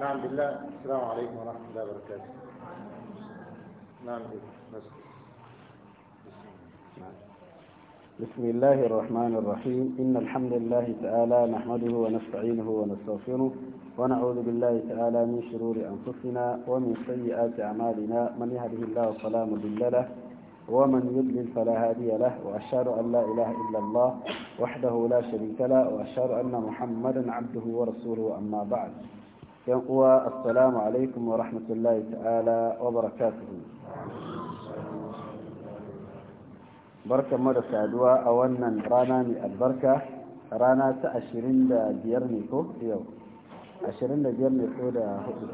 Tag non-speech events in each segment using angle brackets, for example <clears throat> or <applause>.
نعم بالله السلام عليكم ورحمة الله وبركاته نعم بالله بسم الله الرحمن الرحيم إن الحمد لله تعالى نحمده ونستعينه ونستغفره ونعوذ بالله تعالى من شرور أنفسنا ومن سيئات أعمالنا من يهده الله فلا مضل له ومن يضلل فلا هادي له وأشهد أن لا إله إلا الله وحده لا شريك له وأشهد أن محمدا عبده ورسوله أما بعد yan uwa assalamu alaikum wa rahmatullahi ta'ala wa barakatuhu barkan mu da saduwa a wannan rana mai albarka rana ta ashirin da biyar ne ko yau ashirin da ne ko da hudu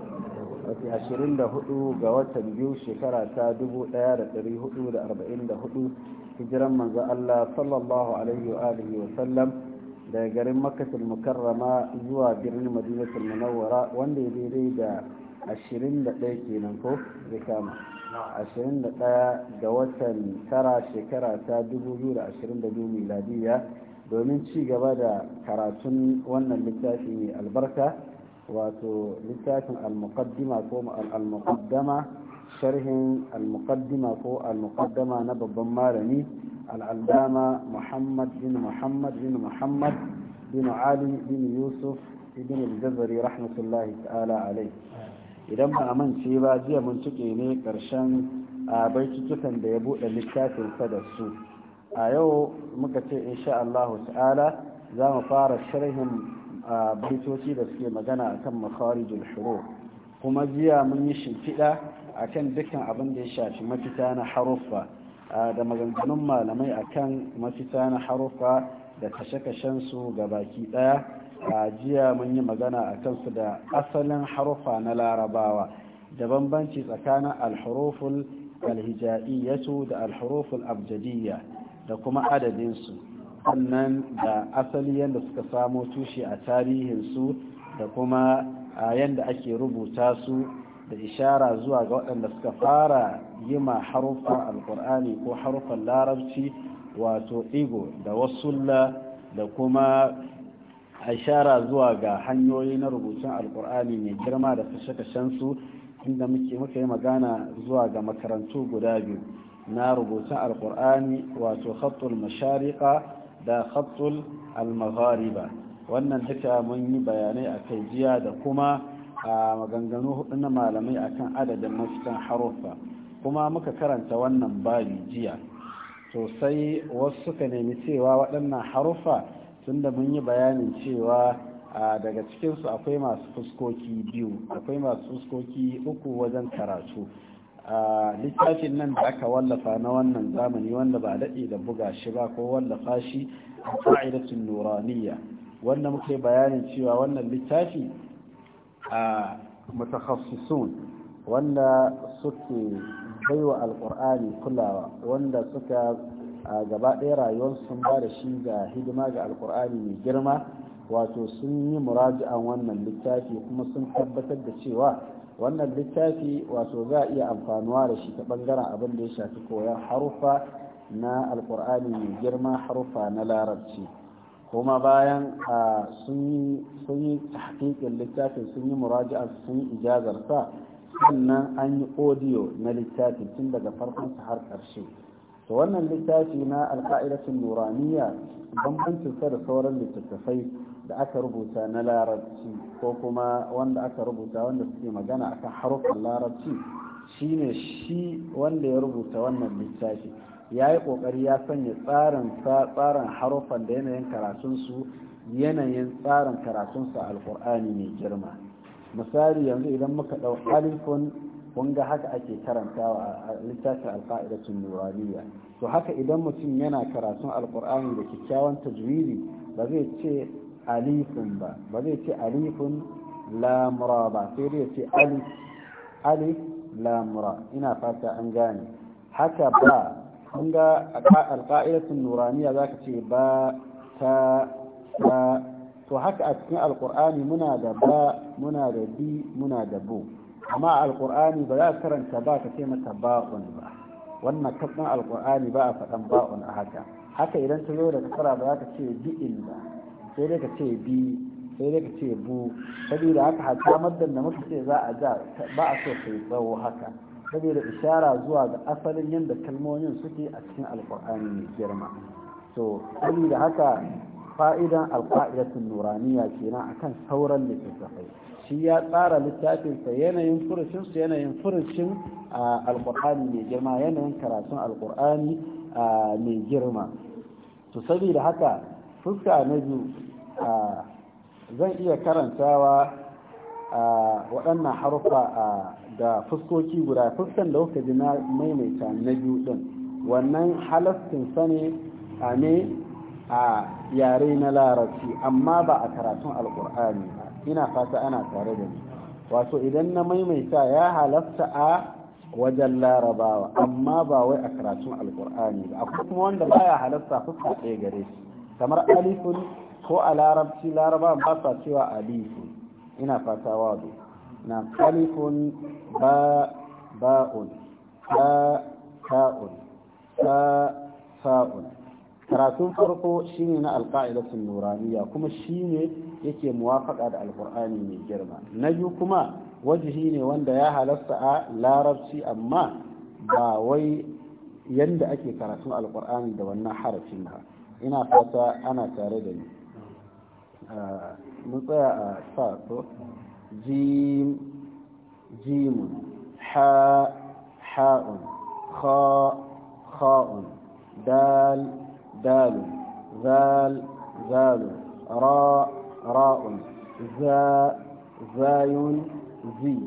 wato ashirin ga watan biyu shekara ta dubu daya da dari hudu da arba'in da hudu hijiran manzo Allah sallallahu alaihi wa alihi wa sallam daga garin makasul mukarrama zuwa birnin madinatul munawwara wanda ya daidai da 21 kenan ko zai kama 21 ga watan tara shekara ta 2022 miladiya domin ci gaba da karatun wannan littafi mai albarka wato littafin al-muqaddima ko al-muqaddama sharhin al-muqaddima ko al-muqaddama na babban malami العلامة محمد بن محمد بن محمد بن علي بن يوسف بن الجزري رحمة الله تعالى عليه idan ba a manci ba jiya mun cike ne karshen a baitukan da ya buɗe littafin sa su a yau muka ce insha Allahu ta'ala za mu fara sharhin a baitoci da suke magana akan kan makharijul kuma jiya mun yi shimfiɗa a kan dukkan abin ya shafi mafita na haruffa da maganganun malamai akan mafita na harufa da kashe su ga baki ɗaya a jiya mun yi magana a kansu da asalin harufa na larabawa da bambanci tsakanin alhuruful alhija'iyatu da alhuruful abjadiyya da kuma adadinsu sannan da asali yadda suka samo tushe a tarihinsu da kuma yadda ake rubuta su da ishara zuwa ga waɗanda suka fara yi ma alkur'ani ko harufan larabci wato igo da wasulla da kuma ashara zuwa ga hanyoyi na rubutun alkur'ani mai girma da kashe shansu inda muke yi magana zuwa ga makarantu guda biyu na rubutun alkur'ani wato khattul mashariqa da khattul almaghariba wannan duka mun yi bayanai a kai jiya da kuma a maganganu hudu na malamai akan adadin mafitan haruffa kuma muka karanta wannan babi jiya sosai wasu suka nemi cewa waɗannan harufa tunda mun yi bayanin cewa daga cikinsu akwai masu fuskoki biyu akwai masu fuskoki uku wajen karatu littafin nan da aka wallafa na wannan zamani wanda ba daɗe da buga shi ba ko wallafa shi a fa'idatun nuraniya wanda muke bayanin cewa wannan littafi a mutakhassisun wanda suke wa alkur'ani kulawa wanda suka a gaba ɗaya rayuwar sun ba da shi ga hidima ga alkur'ani mai girma wato sun yi muraji'an wannan littafi kuma sun tabbatar da cewa wannan littafi wato za a iya amfanuwa da shi ta ɓangaren abin da ya shafi koyar harufa na alkur'ani mai girma harufa na larabci kuma bayan sun yi tahqiqin littafin sun yi muraji'an sun yi ijazarsa sannan an yi odiyo na littafi tun daga farkon har karshe to wannan littafi na alƙa'idatun nuraniya bambancin sa da sauran littattafai da aka rubuta na larabci ko kuma wanda aka rubuta wanda suke magana a kan harufan larabci shine shi wanda ya rubuta wannan littafi ya yi ƙoƙari ya sanya tsarin tsarin haruffan da yanayin karatunsu yanayin tsarin karatunsa alƙur'ani mai girma misali yanzu idan muka ɗau alifun kun ga haka ake karantawa a littafin alfa'idatun nuraniya to haka idan mutum yana karatun alkur'ani da kyakkyawan tajwidi ba zai ce alifun ba ba zai ce alifun lamura ba sai zai ce alif alif lamura ina fata an gane haka ba kun ga alfa'idatun nuraniya za ka ce ba ta ta to haka a cikin alkur'ani muna da ba muna da bi muna da bu amma alkur'ani ba za a karanta ba ka ce mata ba'un ba wannan kafin alkur'ani ba a faɗan ba'un a haka haka idan ta zo da kasara ba za ka ce bi'in ba sai dai ka ce bi sai dai ka ce bu saboda haka haka maddan da muka ce za a ja ba a so sai tsawo haka saboda ishara zuwa ga asalin yadda kalmomin suke a cikin alkur'ani mai girma so saboda haka fa'idan alfa'idatun nuraniya kenan akan sauran littattafai shi ya tsara littafinsa yanayin furucinsu yanayin furucin alkur'ani mai girma yanayin karatun alkur'ani mai girma to saboda haka fuska na biyu zan iya karantawa waɗannan harufa da fuskoki guda fuskan da kuka ji na maimaita na biyu ɗin wannan halastinsa ne a ne a yare na larabci amma ba a karatun alkur'ani ba ina fata ana tare da ni wato idan na maimaita ya halatta a wajen larabawa amma ba wai a karatun alkur'ani ba akwai kuma wanda baya halatta fuska ɗaya gare shi kamar alifun ko a larabci laraba ba sa cewa alifun ina fata wado na alifun ba ba'un ta ta'un ta sa'un karatun farko shine na alƙa'idatun nuraniya kuma shine yake muwafaƙa da alƙur'ani mai girma na biyu kuma wajihi ne wanda ya halasta a larabci amma ba wai yanda ake karatun alƙur'ani da wannan harafin ba ina fata ana tare da ni mun tsaya a sa to jim jimun ha ha'un kha kha'un dal دال ذال ذال راء راء زاء زاي زي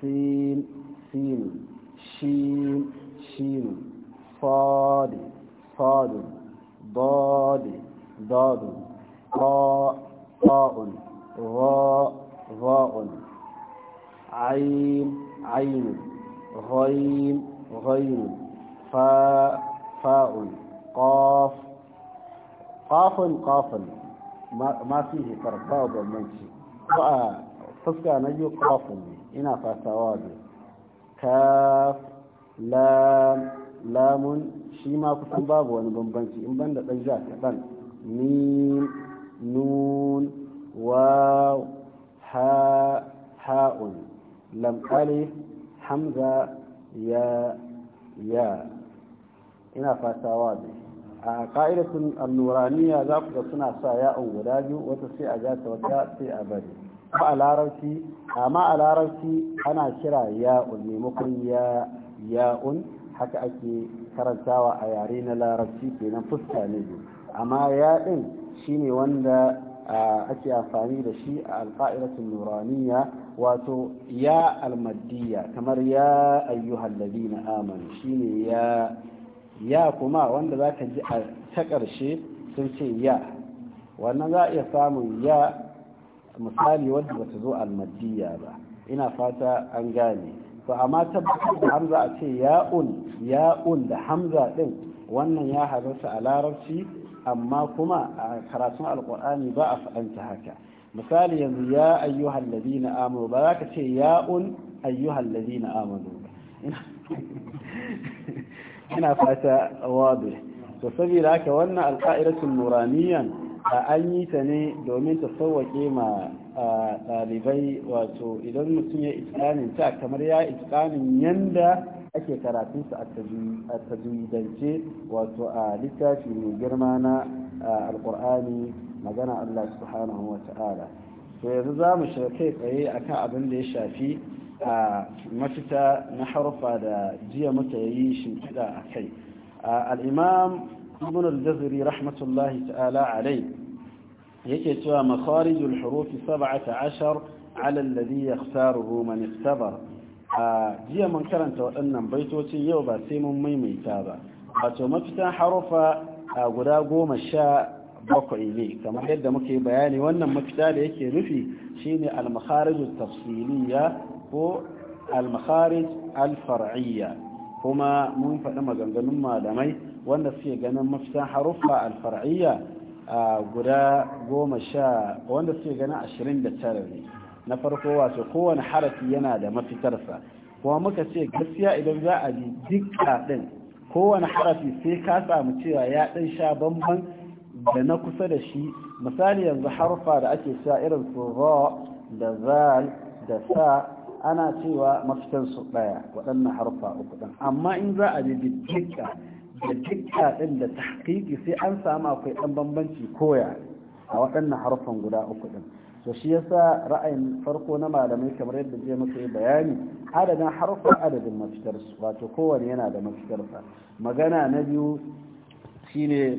سين سين شين شين صاد صاد ضاد ضاد قاء قاء غاء غاء عين عين غين غين فاء فاء qaf qafun qafun ma fihi farqa da manci ko a fuska na biyu qafun ina fatawa da kaf lamun shi ma kusan babu wani bambanci in banda dan ja kaɗan mim nun waw ha ha'un hamza ya ina a ka'idatun alluraniya za ku ga suna sa ya'un guda biyu wata sai a gasa ta wata sai a bari amma a larabci amma a larabci ana kira ya'un maimakon ya ya'un haka ake karantawa a yare na larabci kenan fuska ne amma ya'in shine wanda ake amfani da shi a alƙa'iratun nuraniya wato ya almaddiya kamar ya ayyuhal ladina amanu shine ya ya kuma wanda za ka ji a ta ƙarshe sun ce ya wannan za a iya samun ya misali wadda ba ta zo almadiyya ba ina fata an gane to amma tabbatar da hamza a ce ya'un ya'un da hamza din wannan ya halarta a larabci amma kuma a karatun alkur'ani ba a fa'anta haka misali yanzu ya ayyuhal ladina amanu ba za ka ce ya'un ayyuhal ladina amanu ba <laughs> ina fata wabe to saboda haka wannan alƙa'iratul nuraniyan an yi ta ne domin ta sauwaƙe ma ɗalibai wato idan mutum ya iskanin ta kamar ya iskanin yanda ake karatunsa a tajidance wato a littafi mai girma na alƙur'ani magana Allah subhanahu wa ta'ala to yanzu za mu kai tsaye akan abin da ya shafi a mafita na harfa da jiya muka yi shimfiɗa a kai al'imam ibn al-jazari rahmatullahi ta'ala alai yake cewa makharijul hurufi 17 ala alladhi yakhtaruhu man istabar a jiya mun karanta waɗannan baitoci yau ba sai mun maimaita ba wato mafitan harufa a guda goma sha bakwai ne kamar yadda muke bayani wannan mafita da yake nufi shine al-makharijut tafsiliya ko al-makharij al-far'iyya kuma mun faɗa maganganun malamai wanda suke ganin mafsaha haruffa al-far'iyya guda goma sha wanda suke ganin ashirin da tara na farko wato kowane harafi yana da mafitarsa kuma muka ce gaskiya idan za a ji dukka din kowane harafi sai ka samu cewa ya ɗan sha bamban da na kusa da shi misali yanzu harfa da ake sa irin su ra da zal da sa ana cewa mafitansu ɗaya waɗannan harfa uku ɗin amma in za a bi dikka da dukka ɗin da tahqiqi sai an samu akwai ɗan bambanci koya a waɗannan harfan guda uku ɗin to shi yasa ra'ayin farko na malamai kamar yadda je muka yi bayani adadin harfa adadin mafitarsu wato kowane yana da mafitarsa magana na biyu shine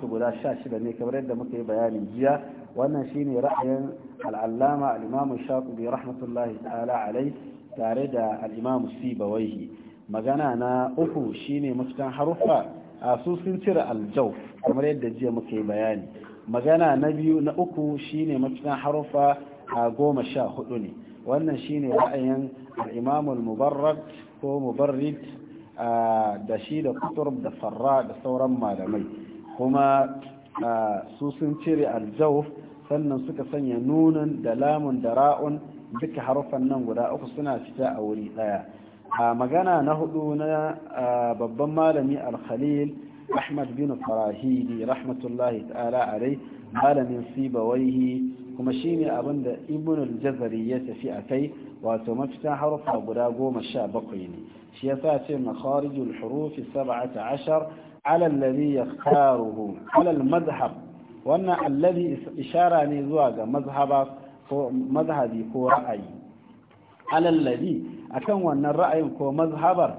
su guda sha shida ne kamar yadda muka yi bayani jiya wannan shi ne ra'ayin al'allama al'imamu shaƙubi rahmatullahi ta'ala alai tare da al'imamu sibawaihi magana na uku shi ne mafiskan haruffa a su sun cire aljau kamar yadda jiya muka yi bayani magana na biyu na uku ne mafiskan haruffa a goma sha hudu ne wannan shi ne ra'ayin al'imamul mubarrak ko mubarrit da shi da kutur da farra da sauran malamai kuma su sun cire aljau sannan suka sanya nunan da lamun da ra'un duka harufan nan guda uku suna fita a wuri daya a magana na hudu na babban malami al-khalil ahmad bin farahidi rahmatullahi ta'ala alai malamin sibawaihi kuma shine abin da ibn al-jazari ya tafi a kai wato mafitan harufa guda goma sha bakwai ne shi yasa ce makharijul hurufi sab'ata ashar ala alladhi yaktaruhu ala al-madhhab wannan allazi ishara ne zuwa ga mazhaba ko mazhabi ko ra'ayi alallazi akan wannan ra'ayin ko mazhabar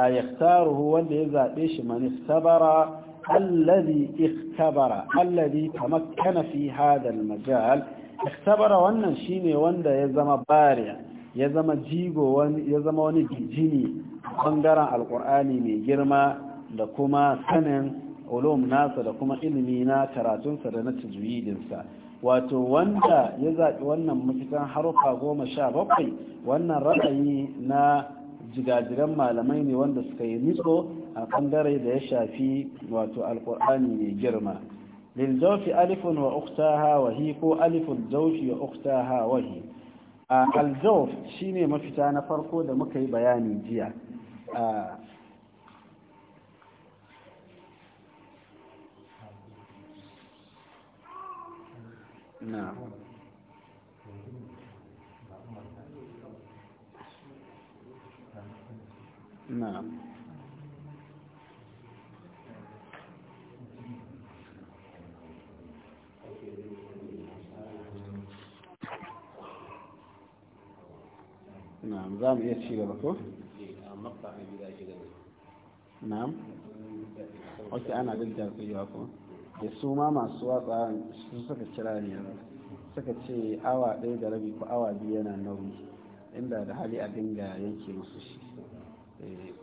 a yaktaruhu wanda ya zaɓe shi mani sabara allazi iktabara allazi tamakkana fi hada almajal iktabara wannan shine wanda ya zama bariya ya zama jigo ya zama wani bijini bangaren alqur'ani mai girma da kuma sanin ulum nasa da kuma ilimi na karatunsa da na tajwidinsa wato wanda ya zaɓi wannan mafitan harufa goma sha bakwai wannan ra'ayi na jigan malamai ne wanda suka yi nitso a ɓangare da ya shafi wato alƙur'ani mai girma Alifun للجوف ألف وأختها وهي كو wahi? al وأختها shine mafita na farko da muka yi bayani jiya. نعم نعم نعم زام نعم نعم لكو مقطع نعم قلت انا بالجزء يعقوب da su ma masu watsa su suka kira ne suka ce awa ɗaya da rabi ko awa biyu yana nauyi inda da hali a dinga yanke musu shi eh.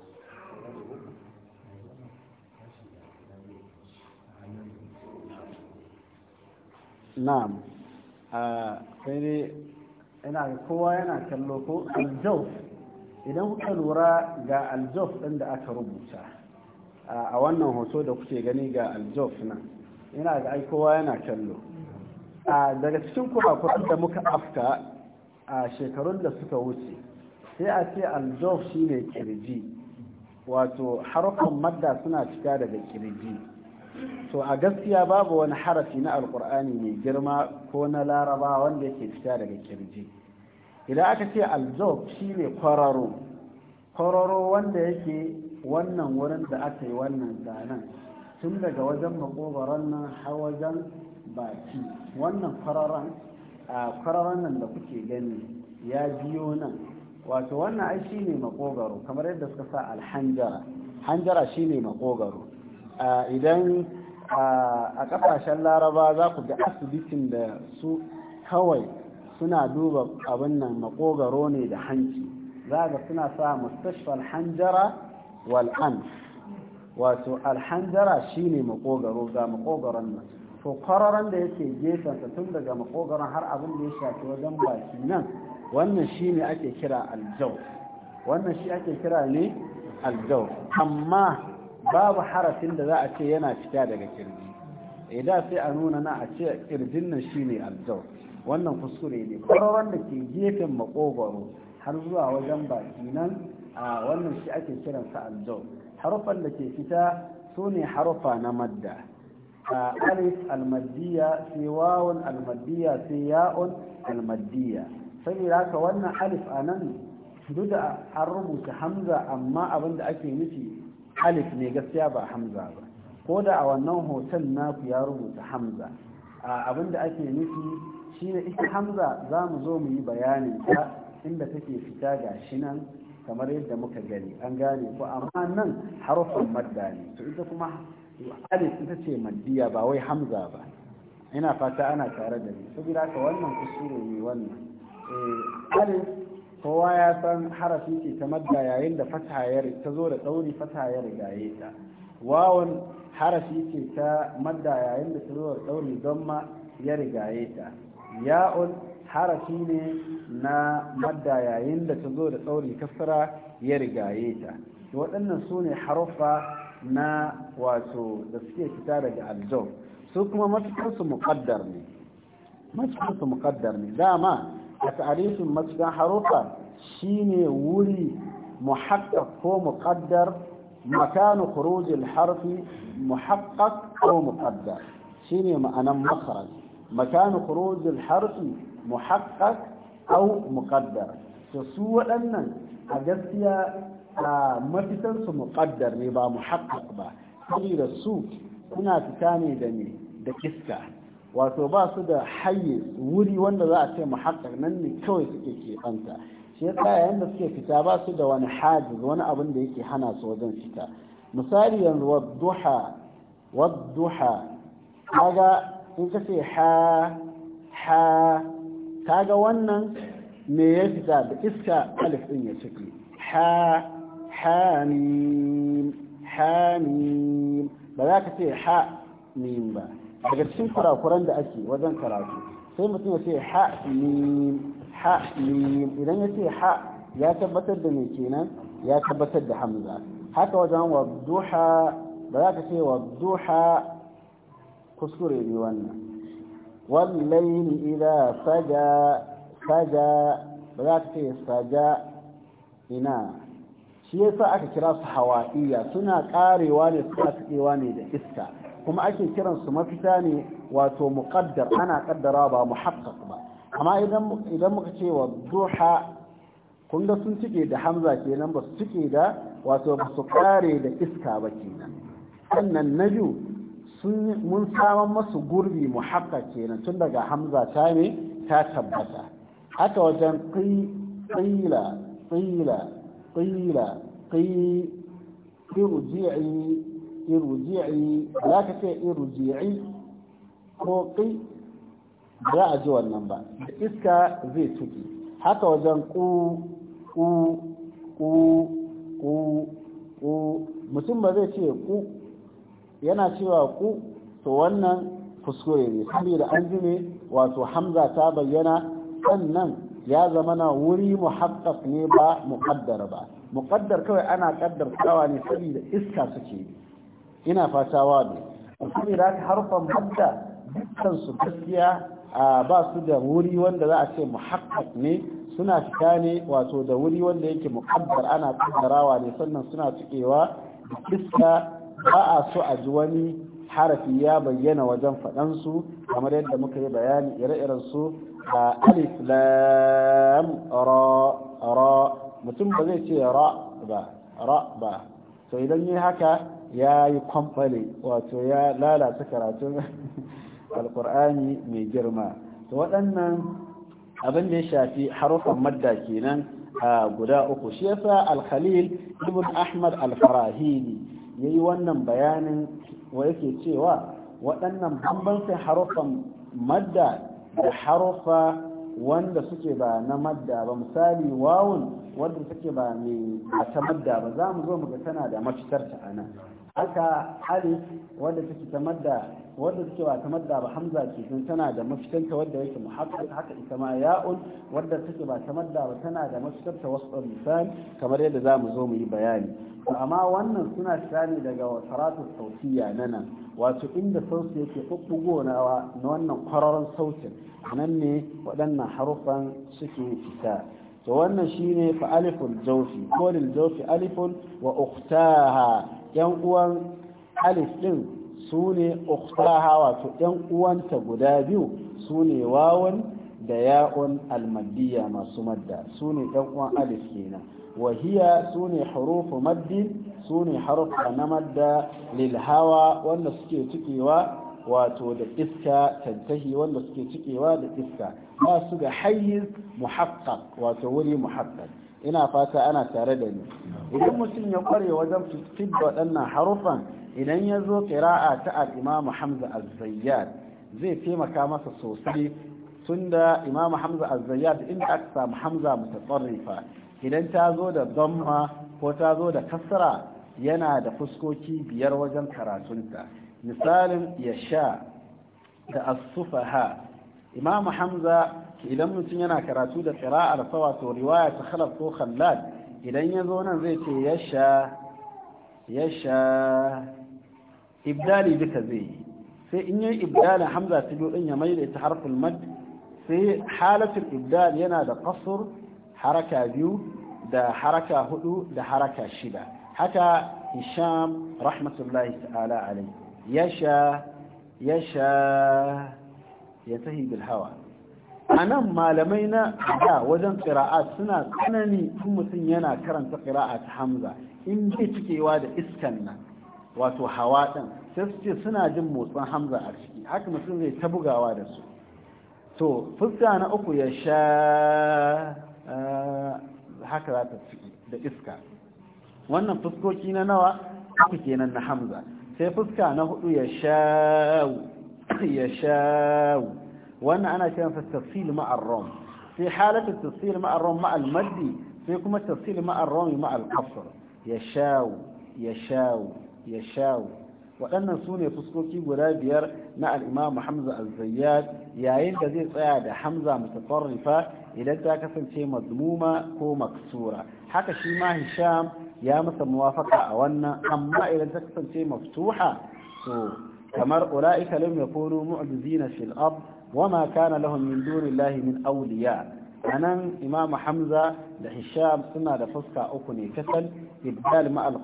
na'am a sai ina kowa yana kallo ko aljauf idan kuka lura ga aljauf ɗin da aka rubuta a wannan hoto da kuke gani ga aljof nan ina da ai kowa yana kallo a daga cikin kurakuran da muka afka a shekarun da suka wuce sai a ce aljof ne kirji wato harukan madda suna cika daga kirji to a gaskiya babu wani harafi na alkur'ani mai girma ko na laraba wanda yake cika daga kirji idan aka ce shi ne kwararo kwararo wanda yake wannan wurin da aka yi wannan zanen tun daga wajen makogaron nan har wajen baki wannan kwararan nan da kuke gani ya biyo nan wato wannan ai shi ne makogaro kamar yadda suka sa alhanjara hanjara shi ne makogaro idan a kasashen laraba za ku ga asibitin da su kawai suna duba abin nan makogaro ne da hanci za ga suna sa mustashfal hanjara wal'an wato alhanjara shine makogaro ga makogaron nan to kwararan da yake gefen sa tun daga makogaron har abin da ya shafi wajen baki nan wannan shine ake kira aljau wannan shi ake kira ne aljau amma babu harafin da za a ce yana fita daga kirji idan eh, sai a nuna na a ce kirjin nan shine aljau wannan kuskure ne kwararan da ke gefen makogaro har zuwa wajen baki nan a wannan shi ake kiransa aljau Haruffan da ke fita su ne na madda a alif almaddiya sai wawon almaddiya sai ya'on almaddiya saboda haka wannan alif a nan duk da an rubuta hamza amma abin da ake nufi alif ne gaskiya ba hamza ba ko da a wannan hoton naku ya rubuta hamza abin da ake nufi shi ne ita hamza za mu zo mu yi bayanin ta inda take fita ga shi nan kamar yadda muka gani an gane ko amma nan harufan madda ne to ita kuma alif ita ce maddiya ba wai hamza ba ina fata ana tare da ni saboda ka wannan kusuru ne wannan eh, alif kowa ya san harafi ce ta madda yayin da fata ya ta zo da tsauri fata ya rigaye ta wawan harafi ce ta madda yayin da ta zo da tsauri don ma ya rigaye ta ya'ul harafi ne na madda yayin da ta zo da tsauri kasara ya rigaye ta waɗannan su ne harufa na wato da suke fita daga aljau su kuma matukansu muƙaddar ne matukansu muƙaddar ne dama a tarihin matukan harufa shine wuri muhaqqaq ko muƙaddar makanu kurujin harfi muhaqqaq ko muƙaddar shine ma'anan makharaj makanu kurujin harfi muhaqqaq au muqaddar to su waɗannan a gaskiya a mafitan su muqaddar ne ba muhaqqaq ba saboda su suna fita ne da ne da kiska wato ba su da hayi wuri wanda za a ce muhaqqaq nan ne kawai suke keɓanta shi yasa yayin da suke fita ba su da wani haji wani abin da yake hana su wajen fita misali yanzu wadduha wadduha kaga in ka ce ha ha kaga wannan me ya fita da iska alif din ya ciki ha ha hamim ba za ka ce ha mim ba daga cikin kurakuran da ake wajen karatu sai mutum ya ce ha mim ha mim idan ya ce ha ya tabbatar da me kenan ya tabbatar da hamza haka wajen wadduha ba za ka ce wadduha kuskure ne wannan والليل إذا سجى سجى بذلك سجى إنا shi yasa aka kira su hawa'iya suna karewa ne suna tsakewa ne da iska kuma ake kiransu mafita ne wato muqaddar ana kaddara ba muhaqqaq ba amma idan muka ce wa duha kun sun cike da hamza kenan ba su cike da wato ba su kare da iska ba kenan sannan naju mun saman masu gurbi mu kenan tun daga hamza ta ne ta tabbata haka wajen ƙila ƙila ƙila ƙirji'i za ka ce ko ƙi za a ji wannan ba da iska zai tuki haka wajen ku mutum ba zai ce ku. yana cewa ku to wannan kuskure ne saboda an ji wato hamza ta bayyana sannan ya zama na wuri muhaqqaq ne ba muqaddar ba muqaddar kawai ana kaddartawa ne saboda iska suke ina fata wa ne saboda haka harfan madda dukkan su gaskiya ba su da wuri wanda za a ce muhaqqaq ne suna fita ne wato da wuri wanda yake muqaddar ana kaddarawa ne sannan suna cikewa da iska ba a so a ji wani harafi ya bayyana wajen faɗansu kamar yadda muka yi bayani ire-iren su a alif lam ra ra mutum ba zai ce ra ba ra ba to idan yi haka ya yi kwamfale wato ya lalata karatun <laughs> alkur'ani mai girma to waɗannan abin da ya shafi harufan madda kenan guda uku shi yasa alkhalil ibn ahmad alfarahini ya yi wannan bayanin wa yake cewa waɗannan bambancin harufan madda da harufa wanda suke ba na madda ba misali wawun wanda suke ba mai ta madda ba za mu zo muka tana da mafitar a nan haka alif wadda take kamar da wadda take ba kamar da ba hamza ke tun tana da mafitanta wadda yake muhaqqaq haka ita ma ya'un wadda take ba kamar da ba tana da mafitanta wasdar lisan kamar yadda zamu zo mu yi bayani amma wannan suna shani daga wasaratu sautiya nan wato inda sauti yake bubbugonawa na wannan kwararon sautin nan ne waɗannan harufan suke fita to wannan shine fa aliful jawfi kolin jawfi alifun wa ukhtaha yan uwan alif din su ne ukhtaha wato yan uwanta guda biyu su ne wawan da ya'un almaddiya masu madda su ne yan uwan alif kenan wahiya su ne harufu maddin su ne harufa na madda lilhawa wanda suke cikewa wato da iska tantahi wanda suke cikewa da iska ba su ga hayyiz muhaqqaq wato wuri muhaqqaq ina fata ana tare da ni idan mutum ya kware wajen da waɗannan haruffan idan ya zo ƙira'a ta al'imamu hamza azzayyad zai taimaka masa sosai tun da imamu hamza azzayyad inda aka samu hamza mutatsarrifa idan ta zo da zamma ko ta zo da kasara yana da fuskoki biyar wajen karatunta misalin ya sha da asufaha imam hamza idan mutum yana karatu da qira'ar sa wato riwaya ta khalaf ko khallal idan ya zo nan zai ce yasha yasha ibdali duka zai yi sai in yi ibdalin hamza ta biyu din ya mai da ita harful mad sai halatul ibdal yana da qasr haraka biyu da haraka hudu da haraka shida haka hisham rahmatullahi ta'ala alai yasha yasha yatahi bil hawa a nan malamai na da wajen ƙira'a suna tsanani tun mutum yana karanta ƙira'a ta hamza in bai cikewa da iskan nan wato hawa ɗin sai su ce suna jin motsin hamza a ciki haka mutum zai ta bugawa da su to fuska na uku ya sha eh, haka za ta ciki da iska wannan fuskoki na nawa uku kenan na hamza sai fuska na hudu ya sha ya sha'u wannan ana kiran sa tafsil ma ar sai halatu tafsil ma ar-ram ma al-maddi sai kuma tafsil ma ar-ram ma al-qasr yashaw yashaw waɗannan su ne fuskoki guda biyar na al'imam hamza al-zayyad yayin da zai tsaya da hamza mutafarrifa idan ta kasance mazmuma ko maksura haka shi ma hisham ya masa muwafaka a wannan amma idan ta kasance maftuha to kamar ula'ika lam yakunu mu'jizina zina ard وما كان لهم من دون الله من أولياء anan imam hamza da hisham suna da fuska uku ne kasal ibdal ma al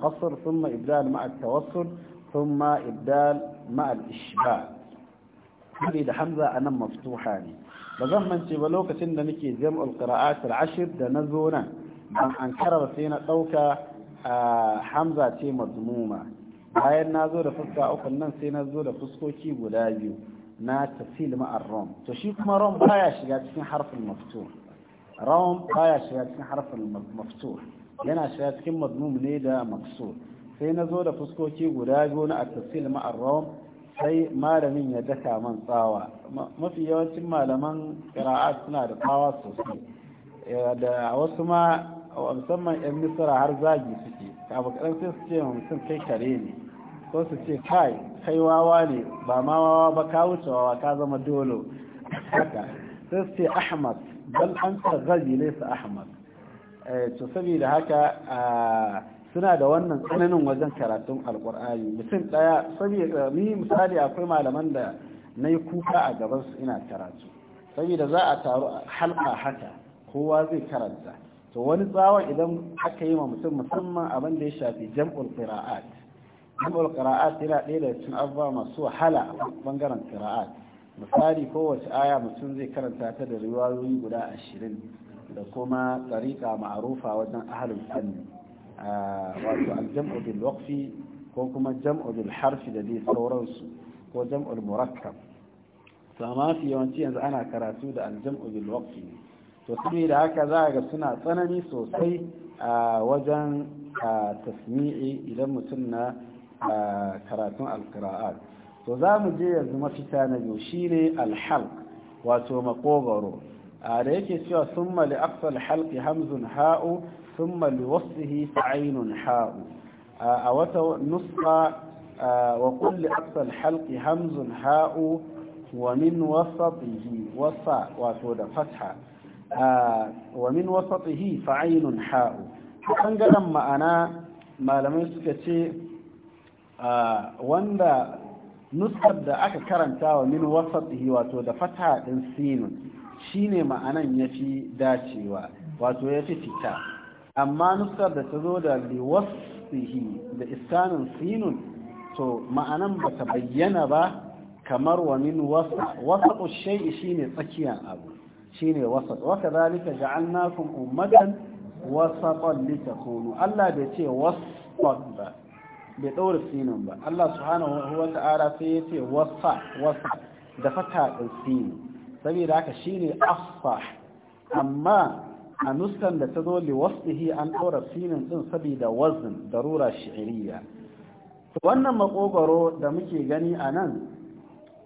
ibdal ma al ibdal ma al da hamza anan maftuha ne ba zan mance ba lokacin da nake jam'ul qira'at al-ashr da nazo nan ban an sai na dauka hamza ce mazmuma bayan nazo da fuska uku nan sai zo da fuskoki guda biyu na tafsil ma'ar rom to shi kuma rom baya shiga cikin harfin maftur rom baya shiga cikin harfin maftur yana shiga cikin mazmum ne da maksur sai na zo da fuskoki guda biyu na tafsil ma'ar rom sai malamin ya daka man tsawa mafi yawancin malaman qira'at suna da tsawa sosai da wasu ma musamman yan misra har zagi suke kafin kadan sai su ce mutum kai kare ne ko su ce kai kai wawa ne ba ma wawa ba ka wuce wawa ka zama dolo haka sai su ce ahmad bal an gaji ne su ahmad eh, to saboda haka suna da wannan tsananin wajen karatun alkur'ani mutum daya saboda ni misali akwai malaman da na yi kuka a gaban su ina karatu saboda za a taru halka haka kowa zai karanta to wani tsawon idan aka yi ma mutum musamman abin da ya shafi jam'ul qira'at jimar ƙira'at yana ɗaya da cikin abubuwa masu wahala a ɓangaren kira'a misali kowace aya mutum zai karanta ta da riwayoyi guda ashirin da kuma tsarika ma'arufa wajen ahalin wato aljam'u bil waqfi ko kuma jam'u bil harfi da dai sauransu ko jam'ul murakkab sama fi yawanci yanzu ana karatu da aljam'u bil waqfi ne to saboda haka za a ga suna tsanani sosai a wajen tasmi'i idan mutum na karatun alqira'at to za mu je yanzu mafita na biyu shine alhalq wato makogaro da yake cewa sun li aqsal halqi hamzun ha'u sun summa li wasfihi fa'inun ha'u a wata nuska wa qul li aqsal halqi hamzun ha'u wa min wasatihi wasa wato da fatha wa min wasatihi fa'inun ha'u kan bangaren ma'ana malamai suka ce wanda nuskar da aka karanta wa min wasatihi wato da fata din sinun shine ma'anan yafi dacewa wato yafi fita amma nuskar da ta zo da liwasihi da iskanin sinun to ma'anan ba ta bayyana ba kamar wa min wasaƙo shi shine tsakiyan abu shine wasaƙ waka zalika ja'alnakum ummatan wasaqan litakunu Allah bai ce wasaqan ba bai ɗaura sinin ba Allah subhanahu wa ta'ala sai ya ce wasa wasa da fata ɗin sinin saboda haka shine asfa amma a nuskan da ta zo liwasdihi an ɗora sinin ɗin saboda wazn darura shi'iriya wannan makogoro da muke gani a nan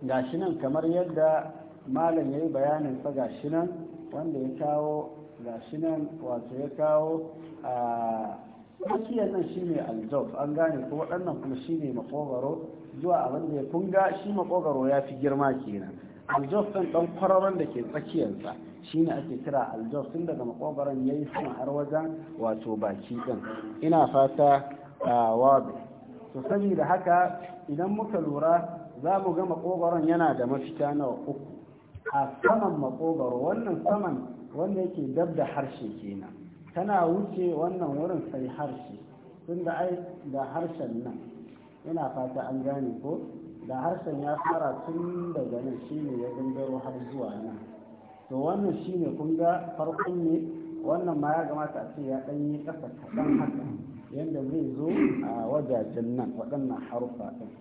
gashi nan kamar yadda malam ya yi bayanin sa gashi nan wanda ya kawo gashi nan wato ya kawo a ah, tsakiyar nan shi ne aljawf an gane ko waɗannan kuma shi ne makogaro zuwa abin da ya kunga shi makogaro ya fi girma kenan aljawf ɗin ɗan kwararon da ke tsakiyarsa shine ake kira aljawf tun daga makogaron ya yi sama har wajen wato baki ɗin ina fata wabi to saboda haka idan muka lura za mu ga makogaron yana da mafita nawa uku a saman makogaro wannan saman wanda yake dab da harshe kenan tana wuce wannan wurin sai harshe tun da ai da harshen nan ina fata an gane ko da harshen ya fara tun daga nan shine ya gangaro har zuwa nan to wannan shine kun ga farkon ne wannan ma ya gamata a ce ya ɗan yi ƙasa kaɗan haka yadda zai zo a wajajen nan waɗannan harufa ɗin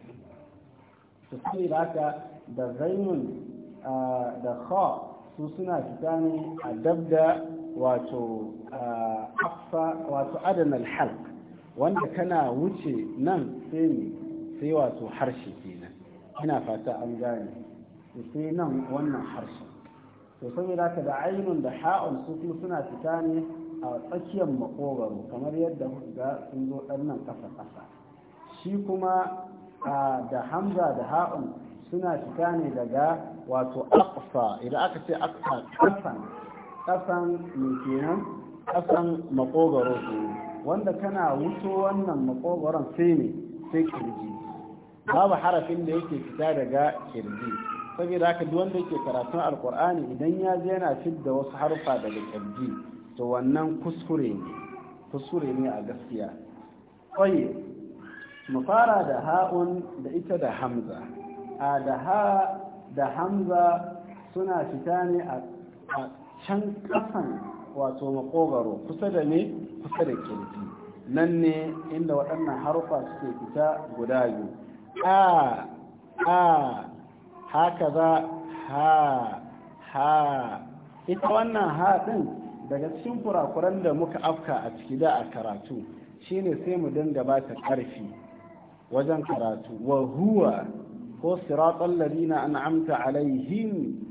Su ce da haka da zainun da kha su suna fita ne a dabda. wato ah, affa wato adana halq wanda kana wuce nan sai sai wato harshe kenan ina fata an gane sai nan wannan harshe to saboda ka da ainun da ha'un su kuma suna fita ne a tsakiyar makogaro kamar yadda ga sun zo ɗan nan ƙasa ƙasa shi kuma da hamza da ha'un suna fita ne daga wato aqsa idan aka ce aqsa ƙasa ƙasan mai kenan ƙasan makogaro wanda kana wuto wannan makogaron sai ne sai kirji babu harafin da yake fita daga kirji saboda haka duk wanda yake karatun alkur'ani idan ya je yana fidda wasu harfa daga kirji to wannan kuskure ne kuskure ne a gaskiya ƙwaye mu fara da ha'un da ita da hamza a da ha da hamza suna fita ne a can kasan wato makogaro kusa da ne kusa da kirji nan ne inda waɗannan harufa suke fita guda biyu a a haka za ha ha ita wannan haɗin, daga cikin kurakuran da muka afka a ciki da a karatu shine sai mu dinga ba ta ƙarfi wajen karatu wa huwa ko siratal ladina an'amta alaihim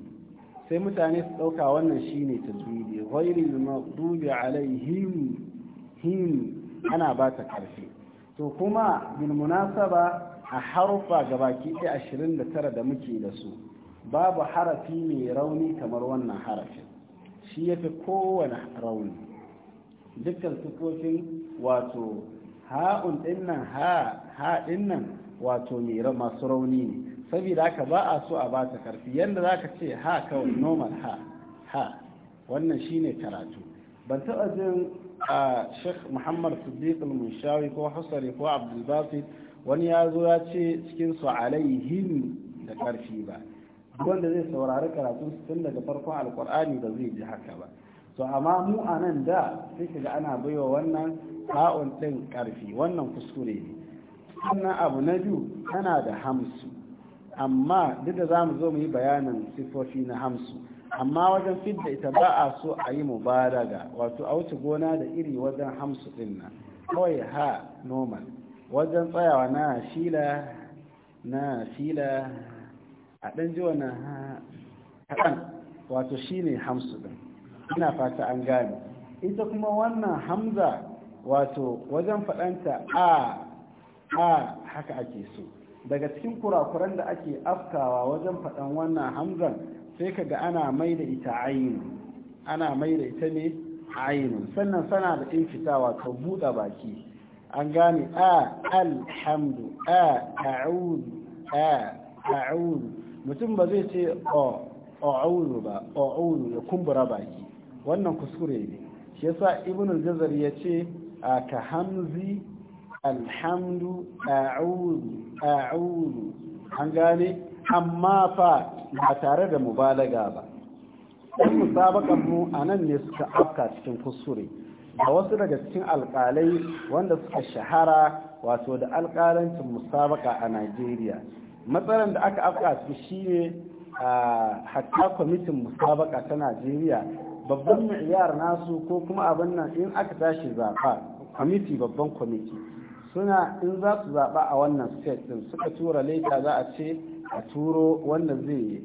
sai mutane su ɗauka wannan shine tajwidi ghairil maqdubi alaihim him ana ba ta karfi to kuma bil munasaba a harfa gabaki ɗaya ashirin da muke da su babu harafi mai rauni kamar wannan harafin shi ya fi kowane rauni dukkan sukofin wato ha'un ɗinnan ha ɗinnan wato mai masu rauni ne saboda haka ba a so a ba ta karfi yadda za ka ce ha kawai normal ha ha wannan shine karatu ban taɓa jin a sheikh muhammad siddiq al-munshawi ko hasari ko abdulbasit wani ya zo ya ce cikin su alaihim da karfi ba wanda zai saurari karatun tun daga farkon alkur'ani ba zai ji haka ba to amma mu a nan da sai ga ana baiwa wannan ha'un ɗin karfi wannan kuskure ne sannan abu na biyu tana da hamsu amma duk da za mu zo mu yi bayanin sifofi na hamsu amma wajen fidda ita ba a so a yi mubaraga wato a wuce gona da iri wajen hamsu din nan kawai ha normal wajen tsayawa na shila na shila a ɗan ji wannan kaɗan wato shine hamsu din ina fata an gane ita kuma wannan hamza wato wajen faɗanta a a haka ake so daga cikin kurakuran da ake afkawa wajen faɗan wannan hamzan sai kaga ana mai da ita ainihin ana mai da ita ne ainihin sannan sana da ɗin fitawa ta buɗe baki an gane a alhamdu a a'udu a a'udu mutum ba zai ce o a'udu ba a'udu ya kumbura baki wannan kuskure ne shi yasa ibn al-jazari ya ce ka hamzi alhamdu a'udu a'udu an gane amma fa ba tare da mubalaga ba ɗan musabakan mu a nan ne suka afka cikin kusure, da wasu daga cikin alƙalai wanda suka shahara wato da alkalancin musabaka a najeriya matsalar da aka afka su shine a hatta kwamitin musabaka ta najeriya babban ma'iyar nasu ko kuma abin nan in aka tashi zafa, kwamiti babban kwamiti suna in za su zaɓa a wannan state ɗin suka tura leta za a ce a turo wanda zai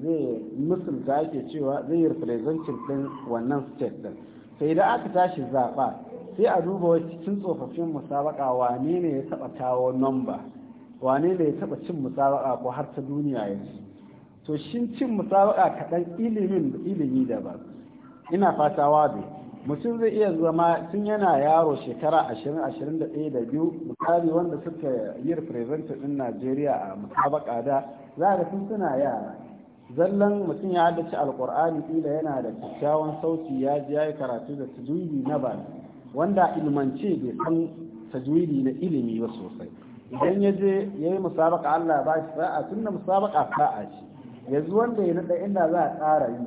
zai musulta ake cewa zai yi representin ɗin wannan state ɗin sai da aka tashi zaɓa sai a duba cikin tsofaffin musabaka wane ne ya taɓa kawo nomba wane ne ya taɓa cin musabaka ko har ta duniya yanzu to shin cin musabaka kaɗan ilimin ilimi daban ina fata wabe mutum zai iya zama tun yana yaro shekara 20-21 da biyu misali wanda suka yi representin din najeriya a musabaka da za ga sun suna yara zallan mutum ya haddace alkur'ani ila yana da kyakkyawan sauti ya ji ya yi karatu da tajwidi na ba wanda ilmance bai san tajwidi na ilimi ba sosai idan ya je ya yi musabaka allah ba shi sa'a tun da musabaka sa'a ce yanzu wanda ya naɗa inda za a tsara yi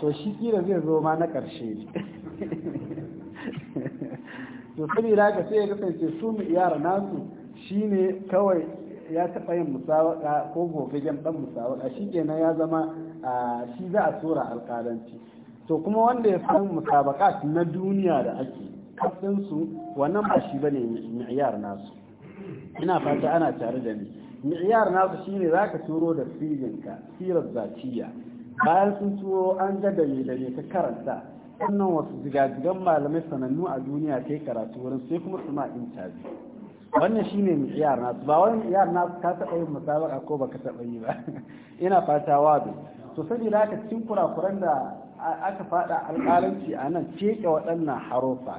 to shi kila zai zo ma na ƙarshe <laughs> to da ka sai ya kasance su mu iyara nasu shine kawai ya taɓa yin musawaka ko gogagen ɗan musawaka shi kenan ya zama shi za a tura alƙalanci to kuma wanda ya san musabaka na duniya da ake kasansu wannan ba shi ne mi'yar nasu ina fata ana tare da ni mi'yar nasu za zaka turo da sirinka sirar zaciya bayan sun turo an ga da da ka karanta wannan wasu zigazigan malamai sanannu a duniya ta yi karatu wurin sai kuma su ma intabi wannan shi ne miyar nasu ba wani miyar nasu ka taɓa yin a ko ba ka taɓa yi ba <laughs> ina fata wado to saboda ka cikin kurakuran da aka faɗa alƙalanci a nan ceke waɗannan harufa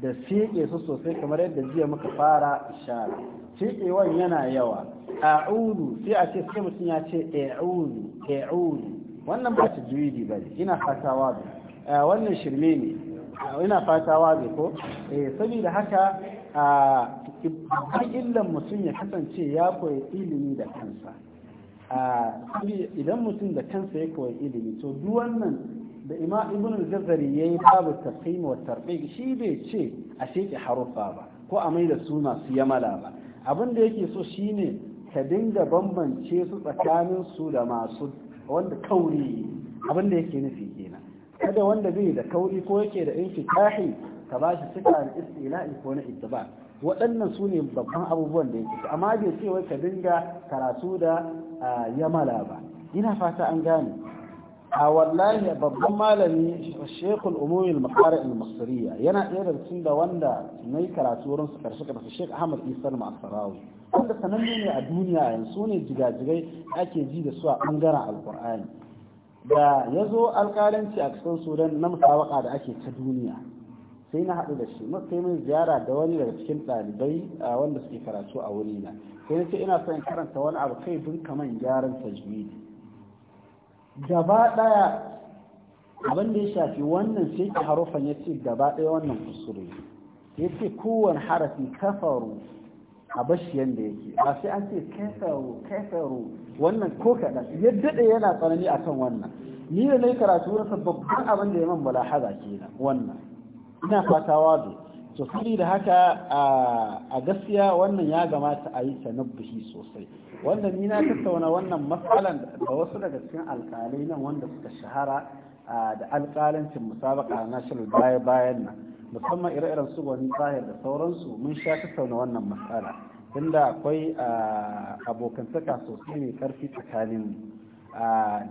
da ceke su sosai kamar yadda jiya muka fara ishara feƙewan yana yawa A a'udu sai a ce sai mutum ya ce a'udu a'udu wannan ba ta juyi ba ina fata wado Eh, wannan shirme ne eh, ina fata zai ko eh, saboda haka a illan mutum ya kasance ya koyi ilimi da kansa idan mutum da kansa ya koyi ilimi to duwannan wannan da ima ibn zazzari ya yi babu tafhim wa shi bai ce a sheke harufa ba ko a maida su masu yamala ba abin da yake so shine ka dinga bambance su tsakanin su da masu wanda kauri abin da yake nufi kada wanda bai da kauri ko yake da infitahi ka ba shi cika al-istila'i ko na ittiba waɗannan sune babban abubuwan da yake amma bai ce wai ka dinga karatu da yamala ba ina fata an gane a wallahi babban malami shekul umumi al-maqari al-masriya yana ɗaya daga da wanda na yi karatu wurin su karshe karshe shek ahmad isa masarawi wanda sananne ne a duniya yanzu ne jigajigai ake ji da su a ɓangaren alkur'ani da ya zo alƙalanci a cikin sudan na musawaka da ake ta duniya sai na haɗu da shi sai mun ziyara da wani daga cikin ɗalibai wanda suke karatu a wuri na sai na ce ina son karanta wani abu kai dun kaman gyaran tajwidi gaba ɗaya abin da ya shafi wannan sai harufan ya ce gaba ɗaya wannan kusuri ya ce kowane harafi kafaru a bashi yadda yake ba sai an ce kafaru kafaru wannan ko kaɗan yadda daɗe yana tsanani akan wannan ni da na yi karatu na babban abin da ya man balahaza kenan wannan ina fata wado to da haka a gaskiya wannan ya gamata a yi tanabbihi sosai Wannan ni na tattauna wannan matsalan da wasu daga cikin alƙalai nan wanda suka shahara da alkalancin musabaka na shirin baya-bayan nan musamman ire-iren su wani tsahir da sauransu mun sha tattauna wannan matsala inda akwai abokantaka sosai mai karfi tsakanin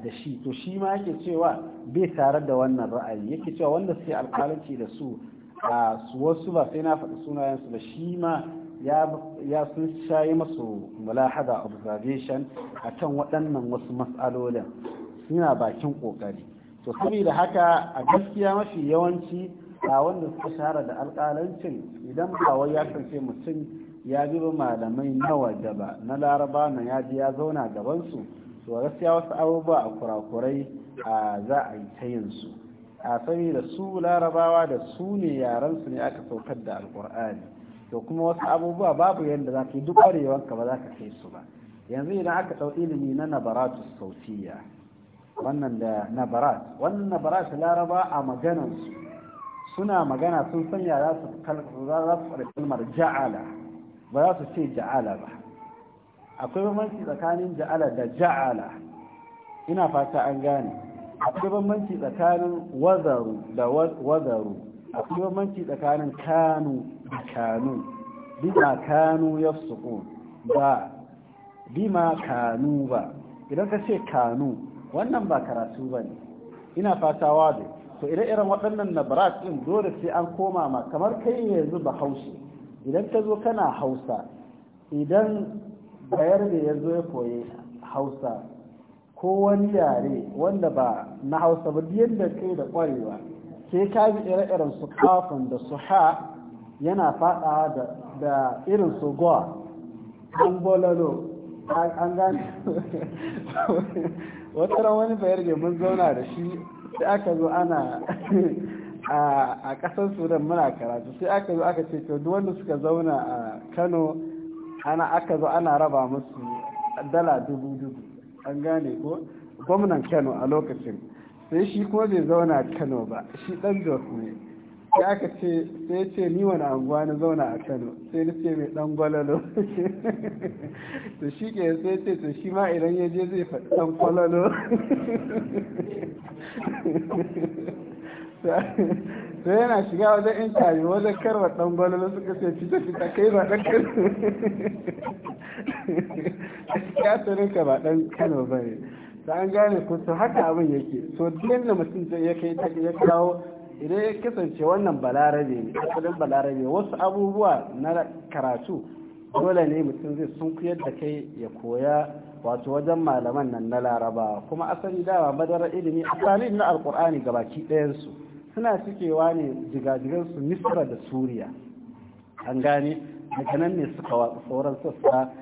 da shi to shi ma yake cewa bai tare da wannan ra'ayi yake cewa wanda suke alƙalanci da su a su wasu ba sai na faɗi sunayensu ba shi ma ya sun shayi masu mulahada observation a kan waɗannan wasu matsalolin suna bakin ƙoƙari to saboda haka a gaskiya mafi yawanci a wanda suka shahara da alƙalancin idan ba wai ya kance mutum ya bi malamai na waje ba na laraba na ya ji ya zauna gabansu to gaskiya wasu abubuwa a kurakurai a za a yi ta yinsu su a saboda su larabawa da su ne yaransu ne aka saukar da alƙur'ani to kuma wasu abubuwa babu yadda za ka yi duk ƙwarewanka ba za ka kai su ba yanzu idan aka ɗau ilimi na nabaratu sautiya wannan da nabarat wannan nabarat laraba a maganansu suna magana sun sanya za su faɗi kalmar ja'ala ba za su ce ja'ala ba akwai bambanci tsakanin ja'ala da ja'ala ina fata an gane akwai bambanci tsakanin wazaru da wazaru akwai bambanci tsakanin kanu da kanu bima kanu ya ba bima kanu ba idan ka ce kanu wannan ba karatu ba ne ina fata wadu to ire-iren waɗannan nabarat ɗin dole sai an koma ma kamar kai yanzu ba haushi idan ka zo kana hausa idan bayar da ya zo ya koyi hausa ko wani yare wanda ba na hausa ba da kai da ƙwarewa sai ka bi ire-iren su kafin da su ha yana faɗa da irin su gowa an bololo an gani <laughs> wata ran wani bayar mun zauna da shi sai aka zo ana a ƙasar sudan muna karatu sai aka zo aka ce to duk wanda suka zauna a kano ana aka zo ana raba musu dala dubu dubu an gane ko gwamnan kano a lokacin sai shi kuma bai zauna kano ba shi dan jos ne sai aka ce sai ce ni wani anguwa na zauna a kano sai ni ce mai dan gwalalo <laughs> to shi ke sai ce to shi ma idan ya je zai faɗi dan gwalalo <laughs> sai yana shiga wajen intabi wajen karwa dan gwalolo suka ce fita fita kai ba dan kano ya tsarin ka ba dan kano ba ne da an gane ku su haka abin yake so duk da mutum zai ya kai ya kawo idan ya kasance wannan balarabe ne asalin balarabe wasu abubuwa na karatu dole ne mutum zai sunkuyar da kai ya koya wato wajen malaman nan na laraba kuma asali dama madarar ilimi asali na alkur'ani baki ɗayansu suna cikewa ne jigajigansu misra da suriya an gane daga nan ne suka watsa sauran sassa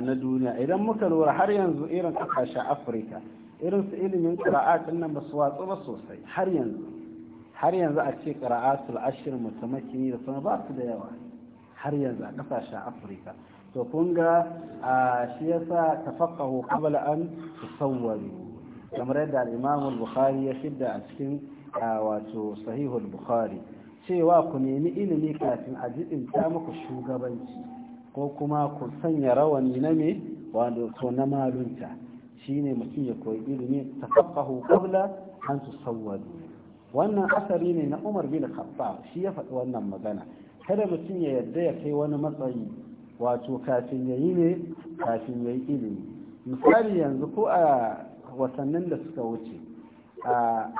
na duniya idan muka lura har yanzu irin kasashen afirka irin su ilimin ƙira'at nan ba su watsu ba sosai har yanzu har yanzu a ce ƙira'atul ashir mutamakini da sama ba su da yawa har yanzu a kasashen afirka to kun ga shi yasa tafaqahu qabla an tusawwaru kamar yadda al-Imam al-Bukhari ya shidda a cikin wato sahihul Bukhari cewa ku nemi ilimi kafin a ta muku shugabanci ko kuma ku sanya rawani na me wanda ko na malunta shine mutum ya koyi ilimi tafaqahu qabla an tusawwaru wannan asari ne na Umar bin Khattab shi ya faɗi wannan magana kada mutum ya yarda ya kai wani matsayi wato kafin ya yi ne kafin ya yi ilimi misali yanzu ko a wasannin da suka wuce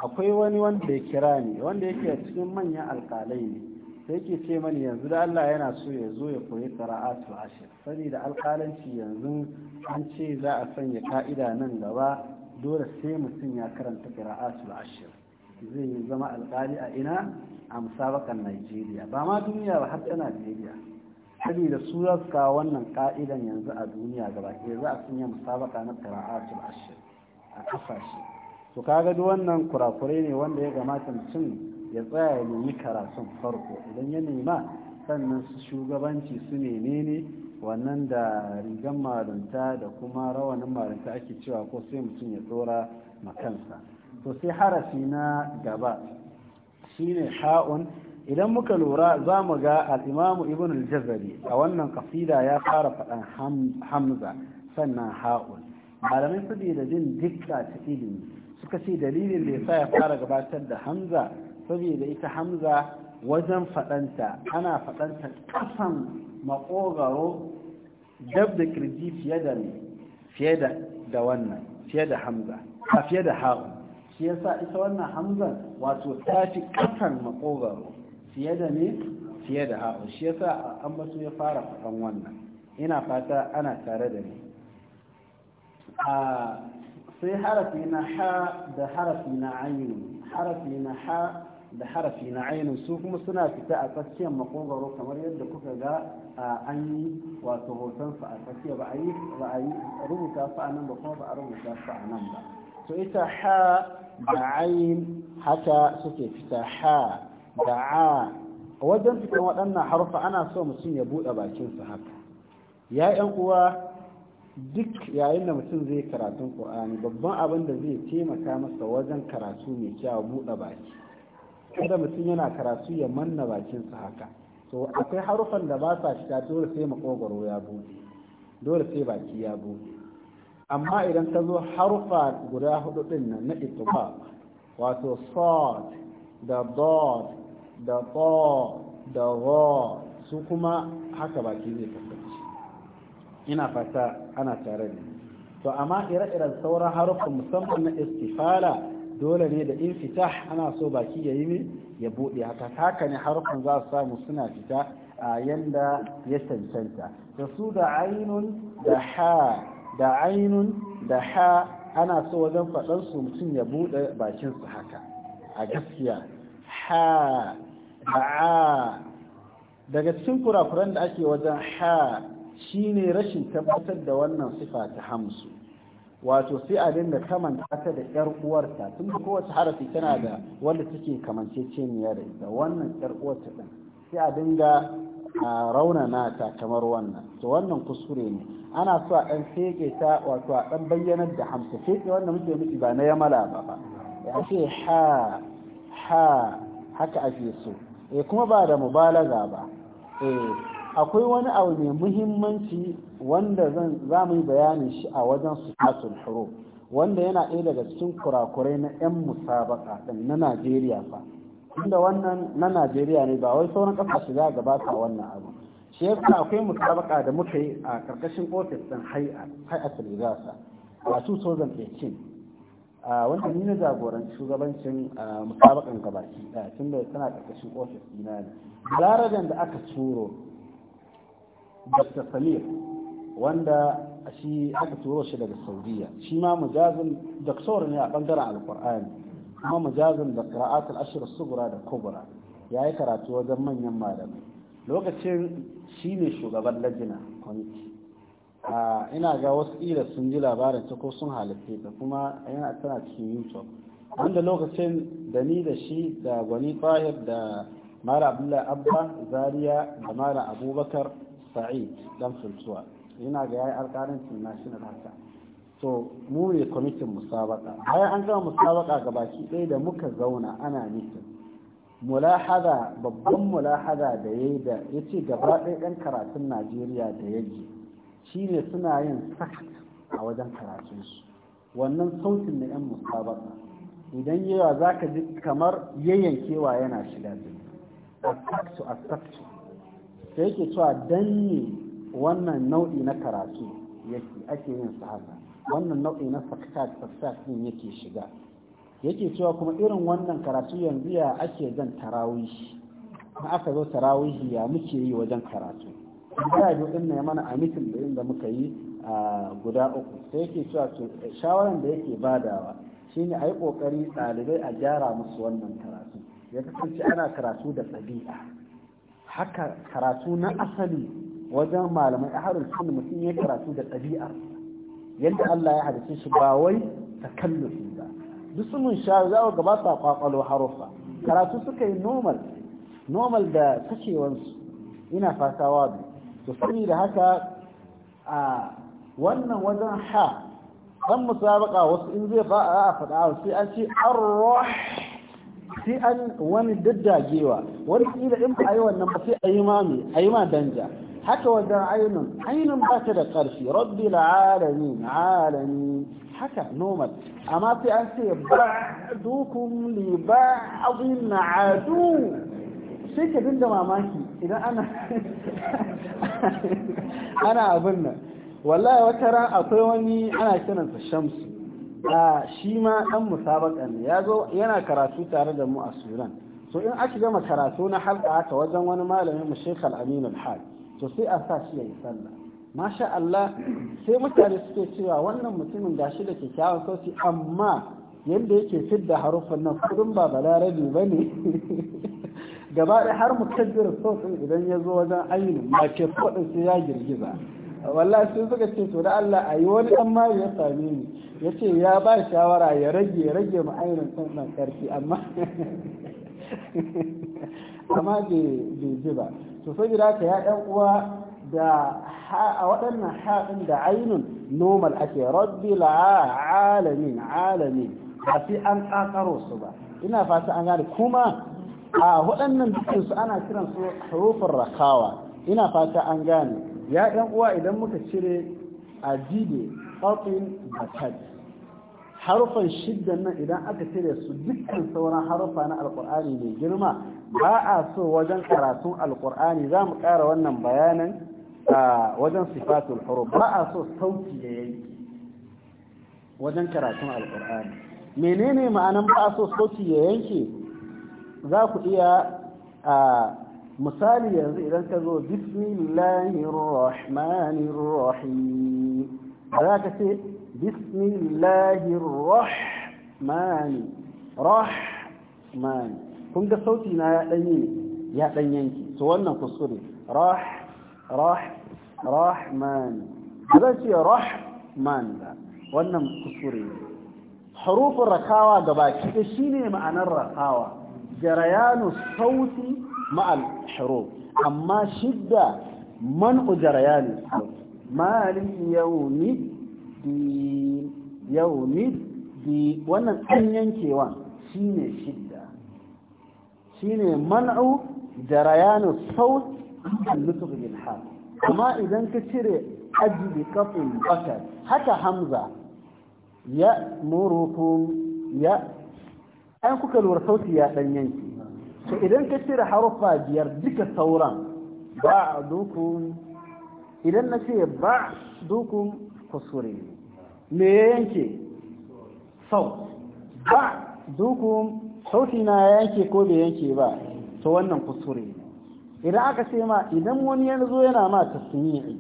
akwai wani wanda ya kira ne wanda yake cikin manyan alkalai ne sai ke ce mani yanzu da Allah yana so ya zo ya koyi qira'atu ashir da alkalanci yanzu an ce za a sanya ka'ida nan gaba dole sai mutum ya karanta qira'atu ashir zai zama alkali a ina a musabakan Najeriya ba ma duniya ba har ta Najeriya saboda su za wannan ka'idan yanzu a duniya gaba ke za a yi musabaka na qira'atul ashir a kasashe to kaga duk wannan kurakurai ne wanda ya gamata mutum ya tsaya ya nemi karatun farko idan ya nema sannan su shugabanci su ne wannan da rigan malunta da kuma rawanin malunta ake cewa ko sai mutum ya tsora makansa to sai harafi na gaba shine ha'un idan muka lura za mu ga al'imamu ibn al-jazari a wannan kasida ya fara faɗan hamza sannan ha'ul malamai su da jin dikka ta ilimi suka ce dalilin da yasa ya fara gabatar da hamza saboda ita hamza wajen faɗanta ana faɗanta ƙasan maƙogaro dab da kirji fiye da fiye da da wannan fiye da hamza a fiye da ha'u shi yasa ita wannan hamzan wato ta fi ƙasan maƙogaro fiye da ne fiye da ha'un shi yasa an basu ya fara faɗan wannan ina fata ana tare da ni a sai harafi na ha da harafi na ainihin harafi na ha da harafi na ainihin su kuma suna fita a tsakiyar makogaro kamar yadda kuka ga an yi wato su a tsakiya ba a yi rubuta su a nan ba kuma ba a rubuta su a nan ba to ita ha da ainihin haka suke fita ha da'a wajen cikin waɗannan harfa ana so mutum ya buɗe bakinsa haka ya uwa duk yayin da mutum zai karatun ƙwa'ani babban abin da zai taimaka masa wajen karatu mai kyau buɗe baki kada mutum yana karatu ya manna bakinsa haka so akwai harufan da ba sa shiga dole sai makogwaro ya buɗe dole sai baki ya buɗe amma idan ka zo harufa guda hudu din nan na ittifaq wato sad da dad da ta da ra su kuma haka baki zai kasance ina fata ana tare ne to amma ire-iren sauran harufan musamman na istifala dole ne da in fita ana so baki ya yi ne ya buɗe haka haka ne harufan za su samu suna fita a yanda ya cancanta da su da ainun da ha da ainun da ha ana so wajen faɗansu mutum ya buɗe bakinsu haka a gaskiya ha ba'a daga cikin kurakuran da ake wajen ha shi ne rashin tabbatar da wannan sifa ta hamsu wato sai a dinga kamanta ta da yar uwarta tun da kowace harafi tana da wanda take kamanceceniya da ita wannan yar uwarta din sai a dinga a na ta kamar wannan to wannan kuskure ne ana so a dan feke ta wato a dan bayyanar da hamsu feke wanda muke miki ba na yamala ba ba ya ce ha ha haka ake so eh kuma ba da mubalaga ba E, akwai wani abu mai muhimmanci wanda zan za mu yi bayanin shi a wajen sifatul huruf wanda yana ɗaya daga cikin kurakurai na 'yan musabaka ɗin na Najeriya fa inda wannan na Najeriya ne ba wai sauran ƙasashe za ga ba wannan abu shi yasa akwai musabaka da muka yi a ƙarƙashin ofis ɗin hay'atul igasa a 2018 wanda ni na jagoranci shugabancin musabakan gabaki daya tun da tana karkashin ofis dina ne larajan da aka turo dr samir wanda shi aka turo shi daga saudiya shi ma mujazin doktor ne a bangaren alkur'ani kuma mujazin da qira'atul ashr sugura da kubra yi karatu wajen manyan malamai lokacin shi ne shugaban lajina kwamiti ina ga wasu ila sun ji labarin ta ko sun halitta ta kuma yana tana cikin youtube wanda lokacin da ni da shi da gwani tahir da mara abdullahi abba zaria da mara abubakar sa'id dan fultuwa yana ga yayi alƙarancin national haka to mu ne kwamitin musabaka bayan an gama musabaka ga baki ɗaya da muka zauna ana mitin mulahada babban mulahada da ya yi da ya ce gaba ɗaya ɗan karatun najeriya da ya Shi ne suna yin sakat a wajen karatunsu wannan sautin na 'yan musabaka idan yawa za ka ji kamar yayyankewa yana shiga jini A asaktu ta yake cewa ne wannan nau'i na karatu yake ake yin sa wannan nau'i na sakat sakat ne yake shiga yake cewa kuma irin wannan karatu yanzu ya ake zan tarawihi na aka zo tarawihi ya muke yi wajen karatu tambaya biyu din ne mana a mitin da inda muka yi a guda uku sai yake cewa to shawaran da yake badawa shine a yi ƙoƙari ɗalibai a gyara musu wannan karatu ya kasance ana karatu da ɗabi'a haka karatu na asali wajen malamai a harin sun mutum ya karatu da ɗabi'ar yadda Allah ya hadace shi ba wai takallufi ba duk sun sha za ga ba sa kwakwalo harufa karatu suka yi normal normal da kashewansu ina fatawa to da haka a wannan wajen ha dan musabaka wasu in zai ba a faɗa sai an ce arwah sai an wani daddagewa wani kila in ba a yi wannan ba sai a yi ma a yi ma danja haka wajen ainun ainun ba ta da ƙarfi rabbi alalamin alamin haka normal amma sai an ce ba'dukum li na, adu sai ka dinga mamaki idan ana <laughs> ana abin nan wallahi wata ran akwai wani ana kiransa shamsu a shi ma dan musabaka ne ya zo yana karatu tare da mu a suran so in aka gama karatu na halka haka wajen wani malamin mu Sheikh Al-Amin Al-Haj to sai a sa shi yi sallah masha Allah sai mutane suke cewa wannan mutumin gashi da kyakkyawan sosai amma yadda yake fidda haruffan nan kudin ba balarabi ba ne <laughs> gaba ɗaya har mutabbir sosai idan ya zo wajen ainihin mace kudin sai ya girgiza wallahi sun suka ce to da Allah a yi wani ɗan ya same ni ya ce ya ba shawara ya rage ya rage ma ainihin ɗan ƙarfi amma amma bai ji ba to saboda ka ya ɗan uwa da a waɗannan haɗin da ainihin normal ake rabbi alamin alamin ba sai an ƙaƙaro su ba ina fata an gane kuma a waɗannan dukkan su ana kiran su hurufin rakawa ina fata an gane ya ɗan uwa idan muka cire a jide ƙarfin bakat harufan shiddan nan idan aka cire su dukkan sauran harufa na alƙur'ani mai girma ba a so wajen karatun alƙur'ani za mu ƙara wannan a wajen sifatul huruf ba a so sauti da yayi wajen karatun alƙur'ani menene ma'anan ba a so sauti ya yanke za ku iya a misali yanzu idan ka zo bismillahir rahmanir rahim za ka ce bismillahir rahmani rahmani kun ga sauti na ya danyi ya dan yanki to wannan kuskure rah rah rahmani zan ce rahman ba wannan kuskure ne harufin rakawa gabaki da shine ma'anar rakawa جريان الصوت مع الحروف أما شدة منع جريان الصوت ما ليوم الدين يوم الدين وانا ينكي كيوان شين شدة شين منع جريان الصوت النطق بالحال أما إذا كتير أجل قطل بكر حتى حمزة يأمركم يأمركم an kuka lura sauti ya dan yanki to idan ka cire haruffa biyar duka sauran ba dukun idan na ce ba dukun kusure me ya yanke sau ba dukun sauti na yanke ko bai yanke ba to wannan kusure idan aka ce ma idan wani ya zo yana ma tasmi'i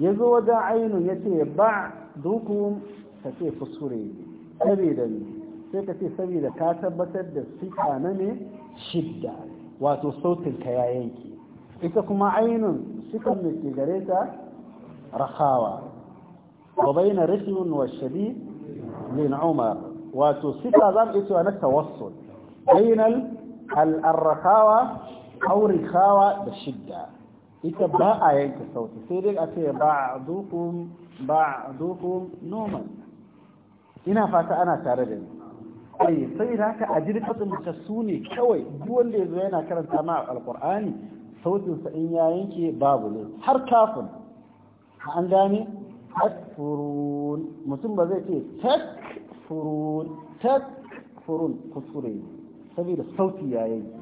ya zo wajen ainihin ya ce ba dukun ta ce kusure da ni. sai ka ce saboda ka tabbatar da sifa na ne shidda wato sautin ka ya yanke ita kuma ainun sifan da ke gare ta rahawa wa bayna rashin wa shadid lin umar wato sifa za mu iya na tawassul bainal al aurikawa da shidda ita ba a yanke sauti sai dai a ce ba'dukum ba'dukum noman ina fata ana tare da ni ai eh, sai da haka adirkatun mutassu ne kawai duk wanda yazo yana karanta ma a Alƙur'ani sautinsa in ya yanke babu ne har kafin an gane takfurun mutum ba zai ce takfurun takfurun kuskure saboda sauti ya yanke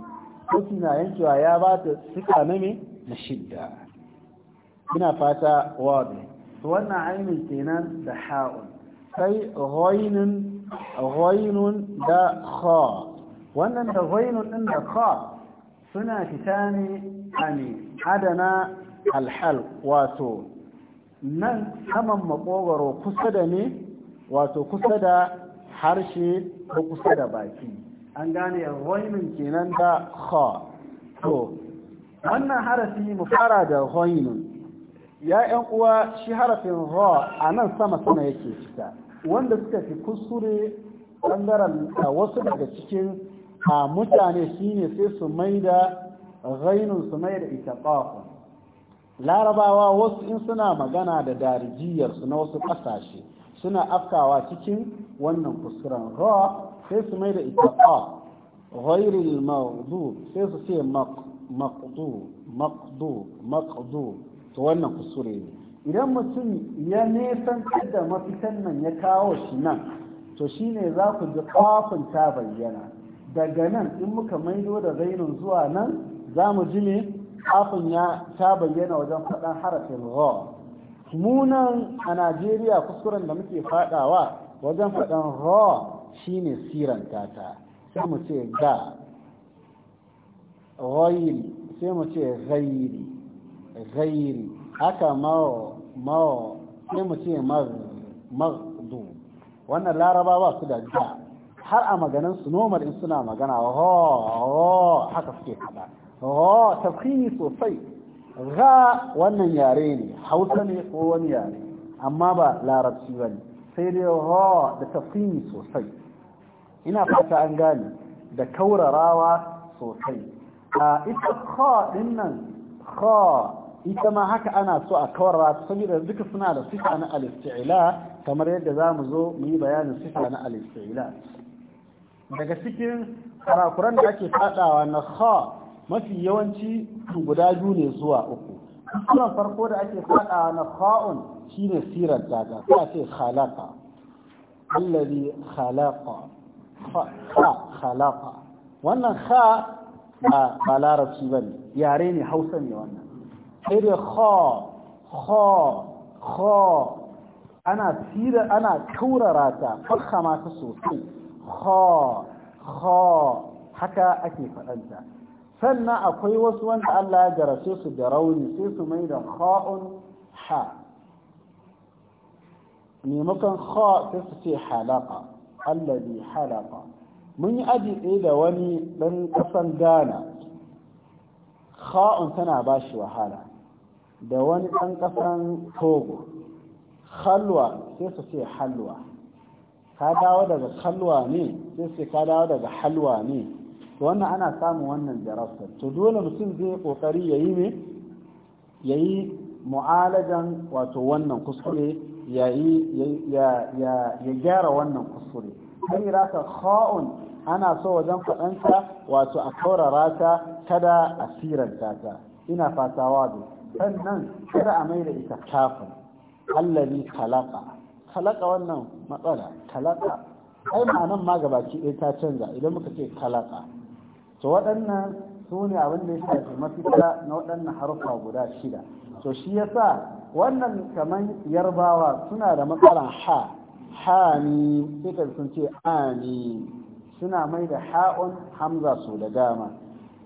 sauti na yankewa ya ba ta suka na me na shidda ina fata wadu wannan ainihin kenan da ha'un sai ghoinin ghainun da kha wannan da ghainun din da kha suna fita ne ani adana alhal wato nan saman makogaro kusa da ne wato kusa da harshe ko kusa da baki an gane ghainun kenan da kha to wannan harafi mu fara da ghainun ya ƴan uwa shi harafin ra a nan sama sama yake fita wanda suka fi kuskure ɓangaren wasu daga cikin a mutane shine sai su mai da rainun su mai da ita larabawa wasu in suna magana da darijiyarsu na wasu ƙasashe suna afkawa cikin wannan kuskuren ra sai su mai da ita ƙaf ghairil maqdu sai su ce maqdu maqdu maqdu to wannan kuskure ne idan mutum ya nesan da mafitan nan ya kawo shi nan to shi ne za ku ji kafin ta bayyana daga nan in muka maido da zainun zuwa nan za mu ji ne kafin ya ta bayyana wajen faɗan harafin ra munan a najeriya kuskuren da muke faɗawa wajen faɗan shi shine siranta ta sai mu ce ga ghairi sai mu ce zairi, zairi haka mawa ma sai mu ce magdu wannan laraba ba su da da har a maganin su normal in suna magana ho haka suke kada ho tafkini sosai ga wannan yare ne hausa ne ko wani yare amma ba larabci ba ne sai dai ho da tafkini sosai ina fata an gane da kaurarawa sosai a ita kha dinnan nan ita ma haka ana so a kawar saboda duka suna da sifa na al-isti'la kamar yadda zamu zo mu yi bayanin sifa na al-isti'la daga cikin karakuran da ake fadawa na kha mafi yawanci guda biyu ne zuwa uku kuma farko da ake fadawa na kha'un shine sirar daga a ce khalaqa alladhi khalaqa kha khalaqa wannan kha ba larabci bane yare ne hausa ne wannan sai da kha kha kha ana tira ana kaurara ta fakhama ta sosai kha haka ake faɗanta sannan akwai wasu wanda Allah ya garace su da rauni sai su mai da kha'un ha maimakon kha sai su ce halaka allazi halaka mun yi aji ɗaya da wani ɗan ƙasan dana kha'un tana ba shi wahala da wani ɗan ƙasan togo halwa sai su ce halwa ka dawo daga halwa ne sai su ka dawo daga halwa ne to wannan ana samun wannan jarabtar to dole mutum zai ƙoƙari ya yi ne ya yi mu'alajan wato wannan kuskure ya gyara wannan kuskure kai rasa kha'un ana so wajen faɗansa wato a kaurara ta kada a siranta ta ina fatawa da sannan kada a mai da ita kafin allari talaka talaka wannan matsala talaka ai ma'anan ma gabaki ɗaya ta canza idan muka ce talaka to waɗannan su ne abin da ya shafi mafita na waɗannan harfa guda shida to shi ya sa wannan kamar yarbawa suna da matsala ha ha ni, sai sun ce ani suna mai da ha'un hamza su da dama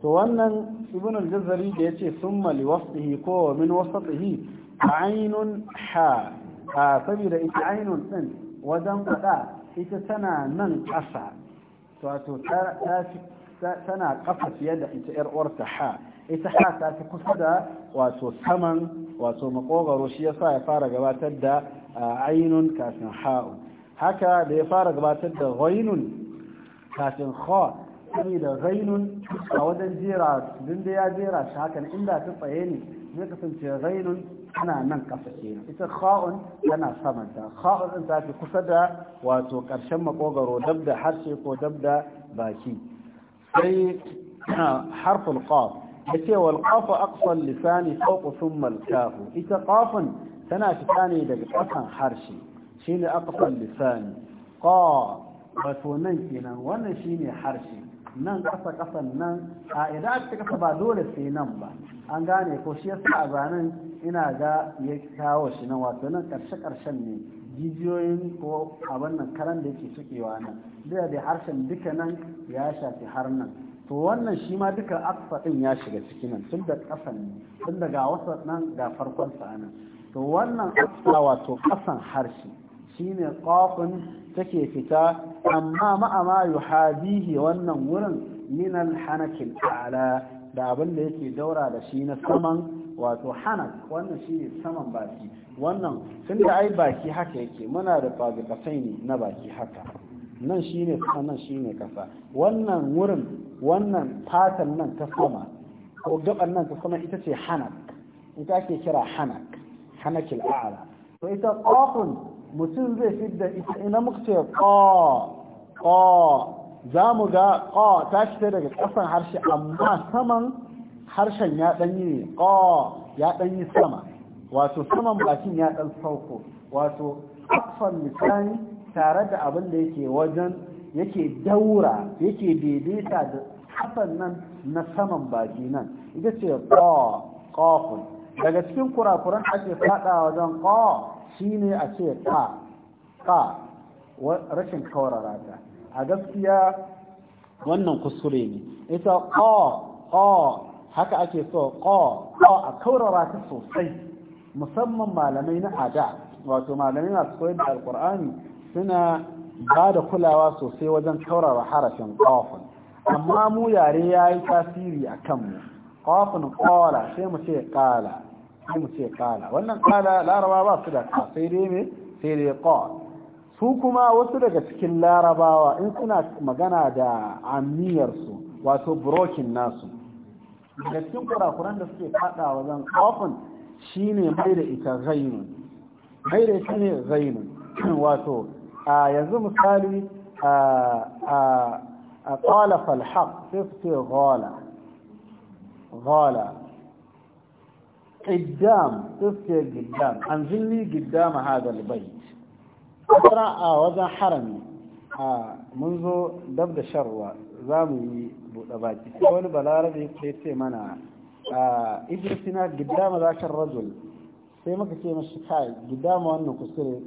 to wannan ibn al-jazari da yace summa li wasfihi ko min wasfihi ainun ha a saboda ita ainun din wajen fada ita tana nan ƙasa wato tana ƙasa fiye da ita yar ha ita ha ta fi kusa da wato saman wato makogaro shi yasa ya fara gabatar da ainun kafin ha'u haka da ya fara gabatar da ghainun kafin kha da ghainun a wajen jera din da ya jera shi hakan inda ta tsaye ne zai kasance ghainun tana nan kasa kenan ita kha'un tana saman ta kha'un din ta fi kusa da wato karshen makogaro dab da harshe ko dab da baki sai <clears throat> harful qaf yace wal qaf aqsal lisani fawqa thumma al kaf ita qafun tana fita ne daga kasan harshe shine aqsal lisani qa wato nan kenan wannan shine harshe nan ƙasa ƙasan nan a idan aka ta ƙasa ba dole sai nan ba an gane ko shi yasa a zanen ina ga ya kawo shi nan wato nan ƙarshe ƙarshen ne jijiyoyin ko abin nan karan da yake sukewa nan duk da harshen duka nan ya shafi har nan to wannan shi ma duka aksa ɗin ya shiga ciki nan tun da ƙasan ne tun daga wasa nan ga farkon sa nan to wannan aksa wato ƙasan harshe shine qafun take fita amma ma'a ma yuhadihi wannan wurin minan al-hanakil a'la da abin da yake daura da shi na saman wato hanak wannan shine saman baki wannan tun da ai baki haka yake muna da fagifatai ne na baki haka nan shine nan shine kasa wannan wurin wannan fatan nan ta sama ko gaban nan ta sama ita ce hanak ita ake kira hanak hanakil a'la to ita qafun mutum zai fidda ita ina muka ce ƙa ƙa za mu ga ƙa ta fita daga ƙasan harshe amma saman harshen ya ɗanyi ƙa ya ɗanyi sama wato saman bakin ya ɗan sauko wato kafan misali tare da abin da yake wajen yake daura yake daidaita da kafan nan na saman baki nan ita ce ƙa ƙafun daga cikin kurakuran ake fada wajen ƙa shine a ce ka ka rashin kawarara ta a gaskiya wannan kuskure ne ita ƙa ƙa haka ake so ƙa ƙa a kawarara ta sosai musamman malamai na ada wato malamai masu koyar da alƙur'ani suna ba da kulawa sosai wajen kawarara harafin ƙafin amma mu yare ya yi tasiri a kanmu qafun kola sai mu ce qala sai mu ce qala wannan qala laraba ba su da ka sai dai me sai dai qal su kuma wasu daga cikin larabawa in suna magana da amiyarsu wato brokin nasu da cikin kurakuran da suke fada wajen qafun shine mai da ita zainun, mai da ita ne wato a yanzu misali a a a qala fal sai su ce kola. ghala qiddam tsike qiddam anzilni qiddam hada albayt asra a wajen harami a munzo dab da sharwa zamu yi bude baki wani balarabe ke ce mana a idrisina qiddam zakar rajul sai muka ce mashi kai qiddam wannan kusure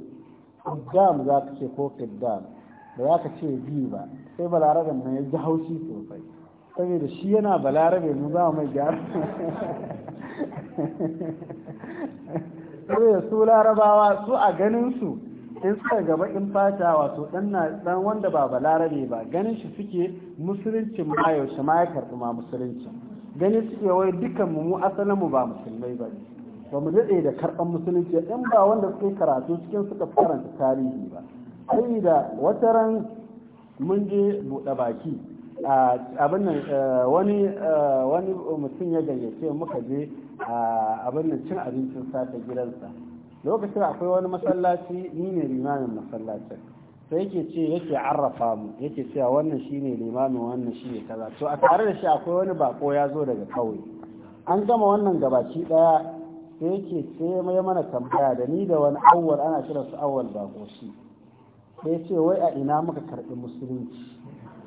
qiddam zaka ce ko qiddam ba zaka ce bi ba sai balarabe ne ya ji haushi sosai saboda shi yana balarabe mu za mai gyara saboda su larabawa su a ganin su in suka gaba in fata wato dan wanda ba balarabe ba ganin shi suke musulunci ma yaushe ma ya karɓi ma musulunci ganin suke wai dukan mu asalin mu ba musulmai ba ba mu daɗe da karɓar musulunci in ba wanda suke karatu cikin suka karanta tarihi ba sai da ran mun je buɗe baki abin wani mutum ya gayyace muka je abin nan cin abincin sata gidansa lokacin akwai wani masallaci ni ne limamin masallacin sai yake ce yake arrafa mu yake cewa wannan shine limamin wannan shine kaza to a tare da shi akwai wani bako ya zo daga kauye an gama wannan gabaki daya sai yake ce mai mana tambaya da ni da wani awwal ana kira su awwal bako shi sai ce wai a ina muka karbi musulunci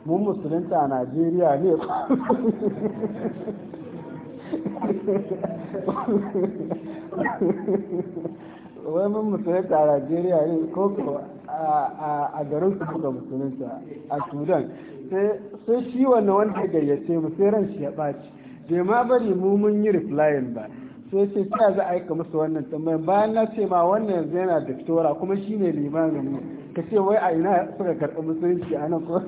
mun musulunta a najeriya ne wai mun musulunta a najeriya ne ko a garin su kuka musulunta a sudan sai shi wannan wanda gayyace mu sai ran shi ya ɓaci bai ma bari mu mun yi replyin ba sai ce ta za a aika musu wannan tambayin bayan na ce ma wannan yanzu yana doktora kuma shi shine limamin mu ka ce wai a ina suka karɓi musulunci a nan ko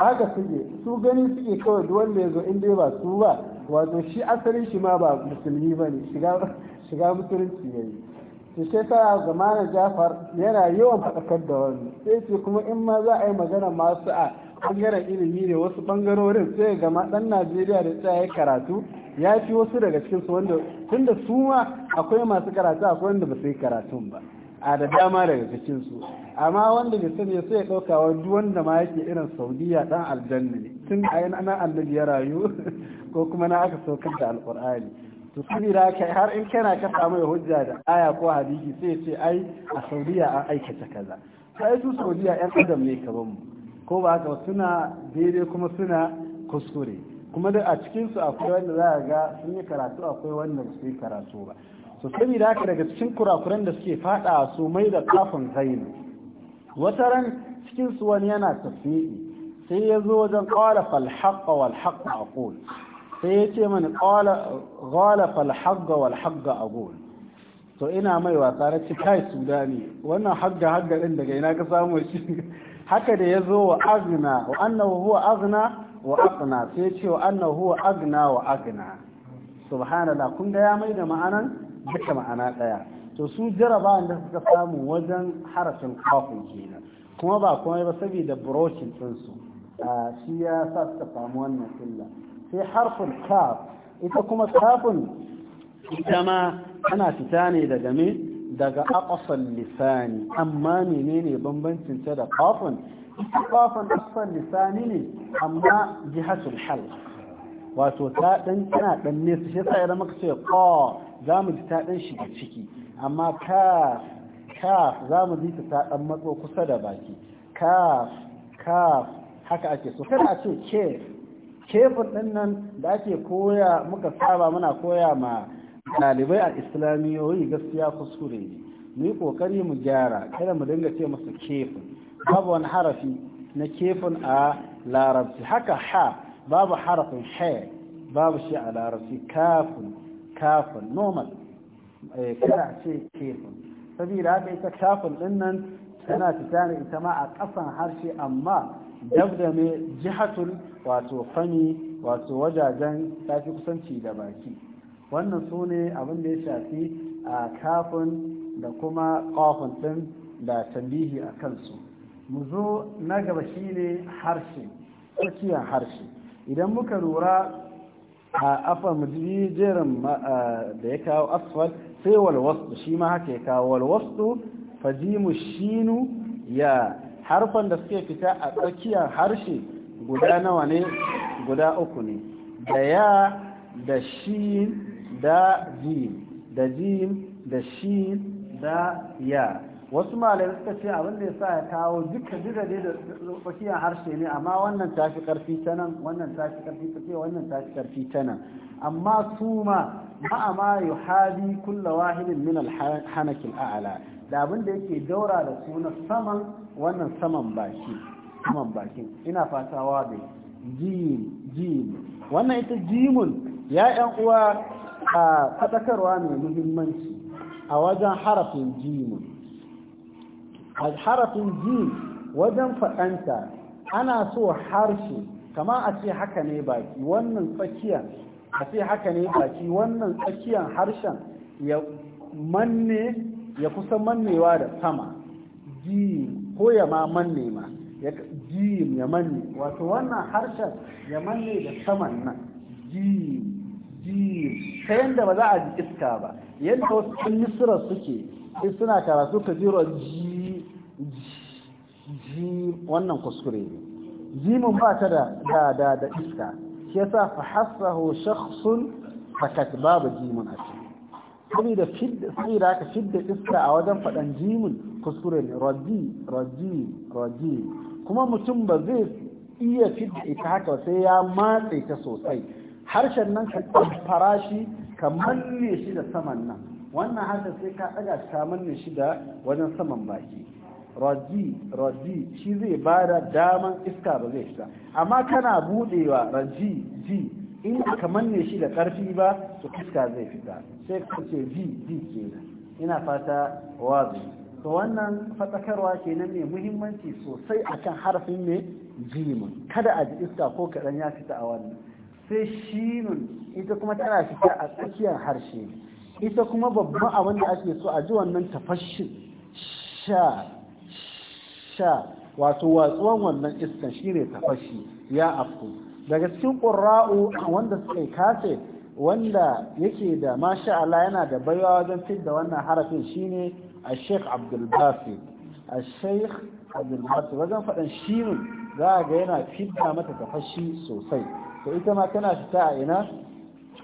haka suke su gani suke kawai duk wanda ya zo in dai ba su ba wato shi asalin shi ma ba musulmi ba ne shiga musulunci ya yi to sai sa zamanin jafar yana yawan faɗakar da wani sai ce kuma in ma za a yi magana masu a ɓangaren ilimi ne wasu ɓangarorin sai gama ɗan najeriya da tsaye karatu ya fi wasu daga cikinsu wanda tunda su ma akwai masu karatu akwai wanda ba su yi karatun ba a da dama daga cikinsu amma wanda bai sani sai ya ɗauka wa duk wanda ma yake irin saudiya ɗan aljanna ne tun a yana nan annabi ya rayu <laughs> ko kuma na aka saukar da alƙur'ani to saboda haka har in kana ka samu hujja da aya ko hadisi sai ya ce ai a saudiya an aikata kaza sai su saudiya yan adam ne kaman mu ko ba haka suna daidai kuma suna kuskure kuma da a cikinsu akwai wanda za a ga sun yi karatu akwai wanda ba su yi karatu ba so saboda haka daga cikin kurakuran da suke fada su mai da kafin zainu wata ran cikin su wani yana tafiye. sai ya zo wajen kawala fal haqqa a haqqa sai ya ce mani kawala qala fal a wal haqqa to ina mai wasa na ci kai dani wannan hagga hagga ɗin daga ina ka samu shi <laughs> haka da ya zo wa agna wa annahu huwa agna wa aqna sai ya ce wa annahu huwa agna wa agna subhanallah kun ga ya mai da ma'anan duka ma'ana ɗaya to su jarabawan da suka samu wajen harafin kafin kenan kuma ba komai ba saboda brochin ɗinsu a shi ya sa suka samu wannan illa sai harfin kaf ita kuma kafin ita ma ana fita ne daga me daga akwasan lisani amma menene bambancin ta da kafin ita kafin akwasan lisani ne amma jihatul hal wato ta ɗan tana ɗan nesa shi yasa idan ce qaf za mu ji taɗin shiga ciki amma kaf kaf za mu ji ta ɗan matso kusa da baki kaf kaf haka ake so kada a ce ke kefin ɗin nan da ake koya muka saba muna koya ma ɗalibai a islamiyoyi gaskiya kuskure ne mu yi ƙoƙari mu gyara kada mu dinga ce musu kefin babu wani harafi na kefin a larabci haka ha babu harafin ha babu shi a larabci kafin kafin normal eh, kada ce kefin saboda haka ita kafin din nan tana fita ne ita ma a ƙasan harshe amma dab da mai jihatul wato fani wato wajajen tafi kusanci da baki wannan su ne abin da ya shafi a kafin da kuma kafin din da tambihi a kansu mu zo na gaba shine harshe tsakiyar harshe idan muka lura a afa jerin da ya kawo asfal sai walwastu shi ma haka ya kawo walwastu fajimu shinu ya harfan da suke fita a tsakiyar harshe guda nawa ne guda uku ne da ya da shin da jim da jim da shin da ya wasu malamai suka ce abin da ya sa ya kawo duka jirage da tsakiyar harshe ne amma wannan ta fi karfi ta nan wannan tafi karfi ta ce wannan tafi karfi ta nan amma su ma ma'a ma yuhadi kulla wahilin min alhanakin a'ala da abin da yake daura da su na saman wannan saman baki saman bakin ina fatawa da jim jim wannan ita jimun ya yan uwa a fadakarwa mai muhimmanci a wajen harafin jimun harafin ji wajen faɗanta ana so harshe kama a ce haka ne baki wannan tsakiyan a ce haka ne baki wannan tsakiyan harshen ya manne ya kusa mannewa da sama ji ko ya ma manne ma ji ya manne wato wannan harshen ya manne da saman nan ji ji ta yadda ba za a ji iska ba yadda wasu sun yi suke suna karatu ka jiro ji wannan kuskure ne jimin ba ta da da da iska shi yasa fa hasahu shakhsun fakat babu jimin a ciki da fidda da aka fidda iska a wajen faɗan jimin kuskure ne raji raji raji kuma mutum ba zai iya fidda ita haka sai ya matse ta sosai harshen nan ka fara shi ka manne shi da saman nan wannan harshen sai ka ɗaga ka manne shi da wajen saman baki raji raji shi zai ba da daman iska ba zai fita amma kana budewa raji ji in ka manne shi da karfi ba to iska zai fita sai ka ce ji ji ina fata wazi to wannan fatakarwa kenan mai muhimmanci sosai akan harfin ne mun kada a ji iska ko kaɗan ya fita a wannan sai shi shinun ita kuma tana fita a tsakiyar harshe ita kuma babban abin da ake so a ji wannan tafashin sha sha wato watsuwan wannan iska shine tafashi ya afku daga cikin ƙura'u wanda suka kafe wanda yake da masha Allah yana da baiwa wajen fitar wannan harafin shi ne a sheikh Abdulbafi a sheikh Abdulbafi wajen wajen shi ne za a ga yana fita mata tafashi sosai to ita ma tana fita a ina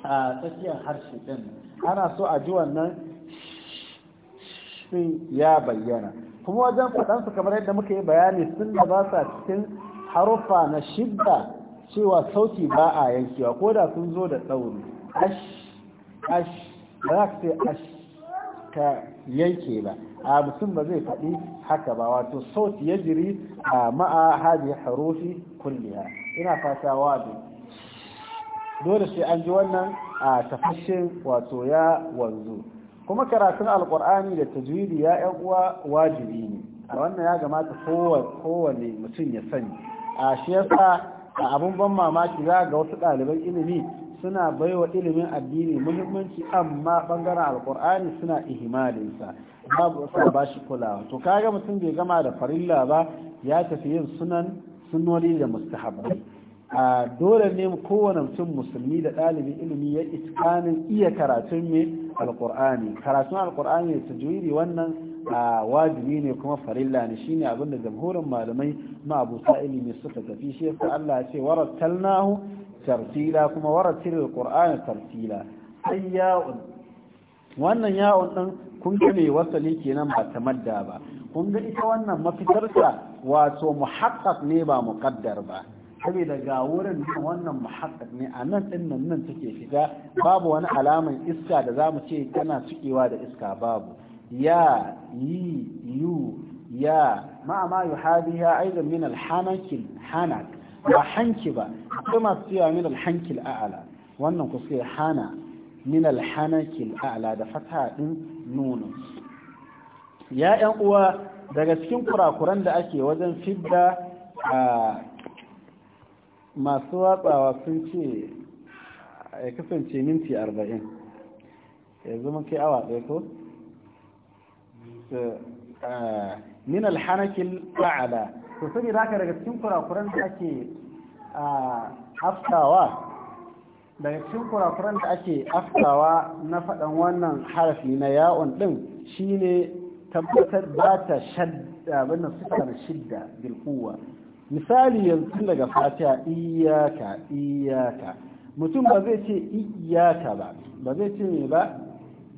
a tsakiyar harshe ɗin? ana so a ji wannan shi ya bayyana kuma wajen faɗansu kamar yadda muka yi bayani sun da ba sa cikin harufa na shidda cewa sauti ba a yankewa ko da sun zo da tsauri ash ash ba za ka ash ka yanke ba a mutum ba zai faɗi haka ba wato sauti ya jiri a ma'a hadi harufi kulliya ina fata bi dole sai an ji wannan a tafashin wato ya wanzu kuma karatun alkur'ani da tajwidi ya yan uwa wajibi ne wannan ya gamata kowane mutum ya sani a shi yasa a abin ban mamaki za ga wasu ɗaliban ilimi suna baiwa ilimin addini muhimmanci amma ɓangaren alkur'ani suna ihimalinsa babu wasu ba shi kulawa to kaga mutum bai gama da farilla ba ya tafi yin sunan sunori da mustahabbai a dole ne kowane mutum musulmi da ɗalibin ilimi ya iskanin iya karatun mai karatun Alƙur'ani da tajwidi wannan a wajibi ne kuma farilla ne shine abin da jamhurin malamai ma'abuta ilimi suka tafi shi yasa Allah ya ce warattalnahu tartila kuma warattil qur'ani tartila ayyaun wannan ya'un din kun ga me wasali kenan ba ta madda ba kun ga ita wannan mafitarta wato muhaqqaq ne ba muqaddar ba saboda ga wurin nan wannan muhaqqaq ne a nan din nan nan take shiga babu wani alaman iska da zamu ce tana cikewa da iska babu ya yi yu ya ma ma yuhadiha aida min alhanakil hanak ba hanki ba kuma cewa min al Aala, a'la wannan ku sai hana min alhanakil Aala, da fatha din nunu ya yan uwa daga cikin kurakuran da ake wajen fidda ah, masu watsawa sun ce ya kasance minti arba'in yanzu mun kai awa ɗaya ko? Eh, min alhanakin ba'ada to sani da daga cikin kurakuran da ake eh, aftawa daga cikin kurakuran da ake aftawa na faɗan wannan harafi na yawon ɗin shine tabbatar ba ta shadda abin da suka shidda bilkuwa misali yanzu daga fatiha iyaka iyaka mutum ba zai ce iyaka ba ba zai ce me ba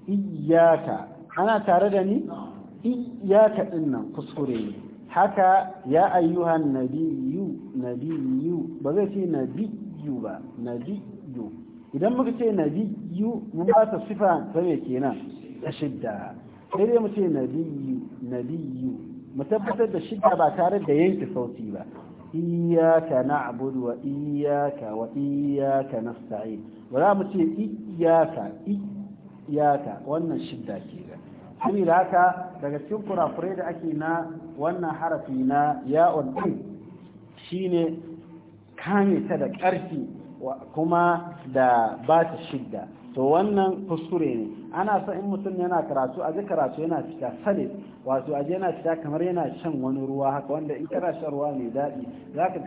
iyaka ana tare da ni iyaka din nan kuskure ne haka ya ayyuhan nabiyu nabiyu ba zai ce nabiyu ba nabiyu idan muka ce nabiyu mun ba ta sifa ta me kenan ta shidda sai dai mu ce nabiyu nabiyu mu tabbatar da shidda ba tare da yanke sauti ba iyyaka na'budu wa iyyaka wa iyyaka nasta'in ba za mu ce iyyaka iyyaka wannan shidda ke da haka daga cikin kurakurai da ake na wannan harafi na ya din shine kame ta da ƙarfi kuma da ba ta shidda to wannan kuskure ne ana sa in mutum yana karatu aje karatu yana fita sale wato aje yana fita kamar yana shan wani ruwa haka wanda in kana shan ruwa mai daɗi za ka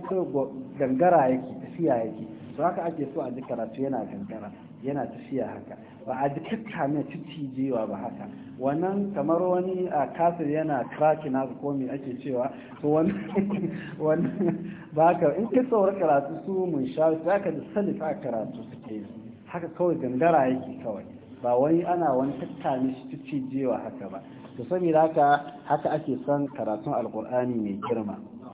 gangara yake tafiya yake to haka ake so aje karatu yana gangara yana tafiya haka ba a ji kakka mai jiwa ba haka wannan kamar wani a kasir yana kraki na ko me ake cewa to <laughs> wannan ba ka in ka saurari karatu su mun sha za ka ji sale a karatu suke yi haka kawai gangara yake kawai ba wani ana wani tattali shi jewa haka ba to saboda haka haka ake son karatun alkur'ani mai girma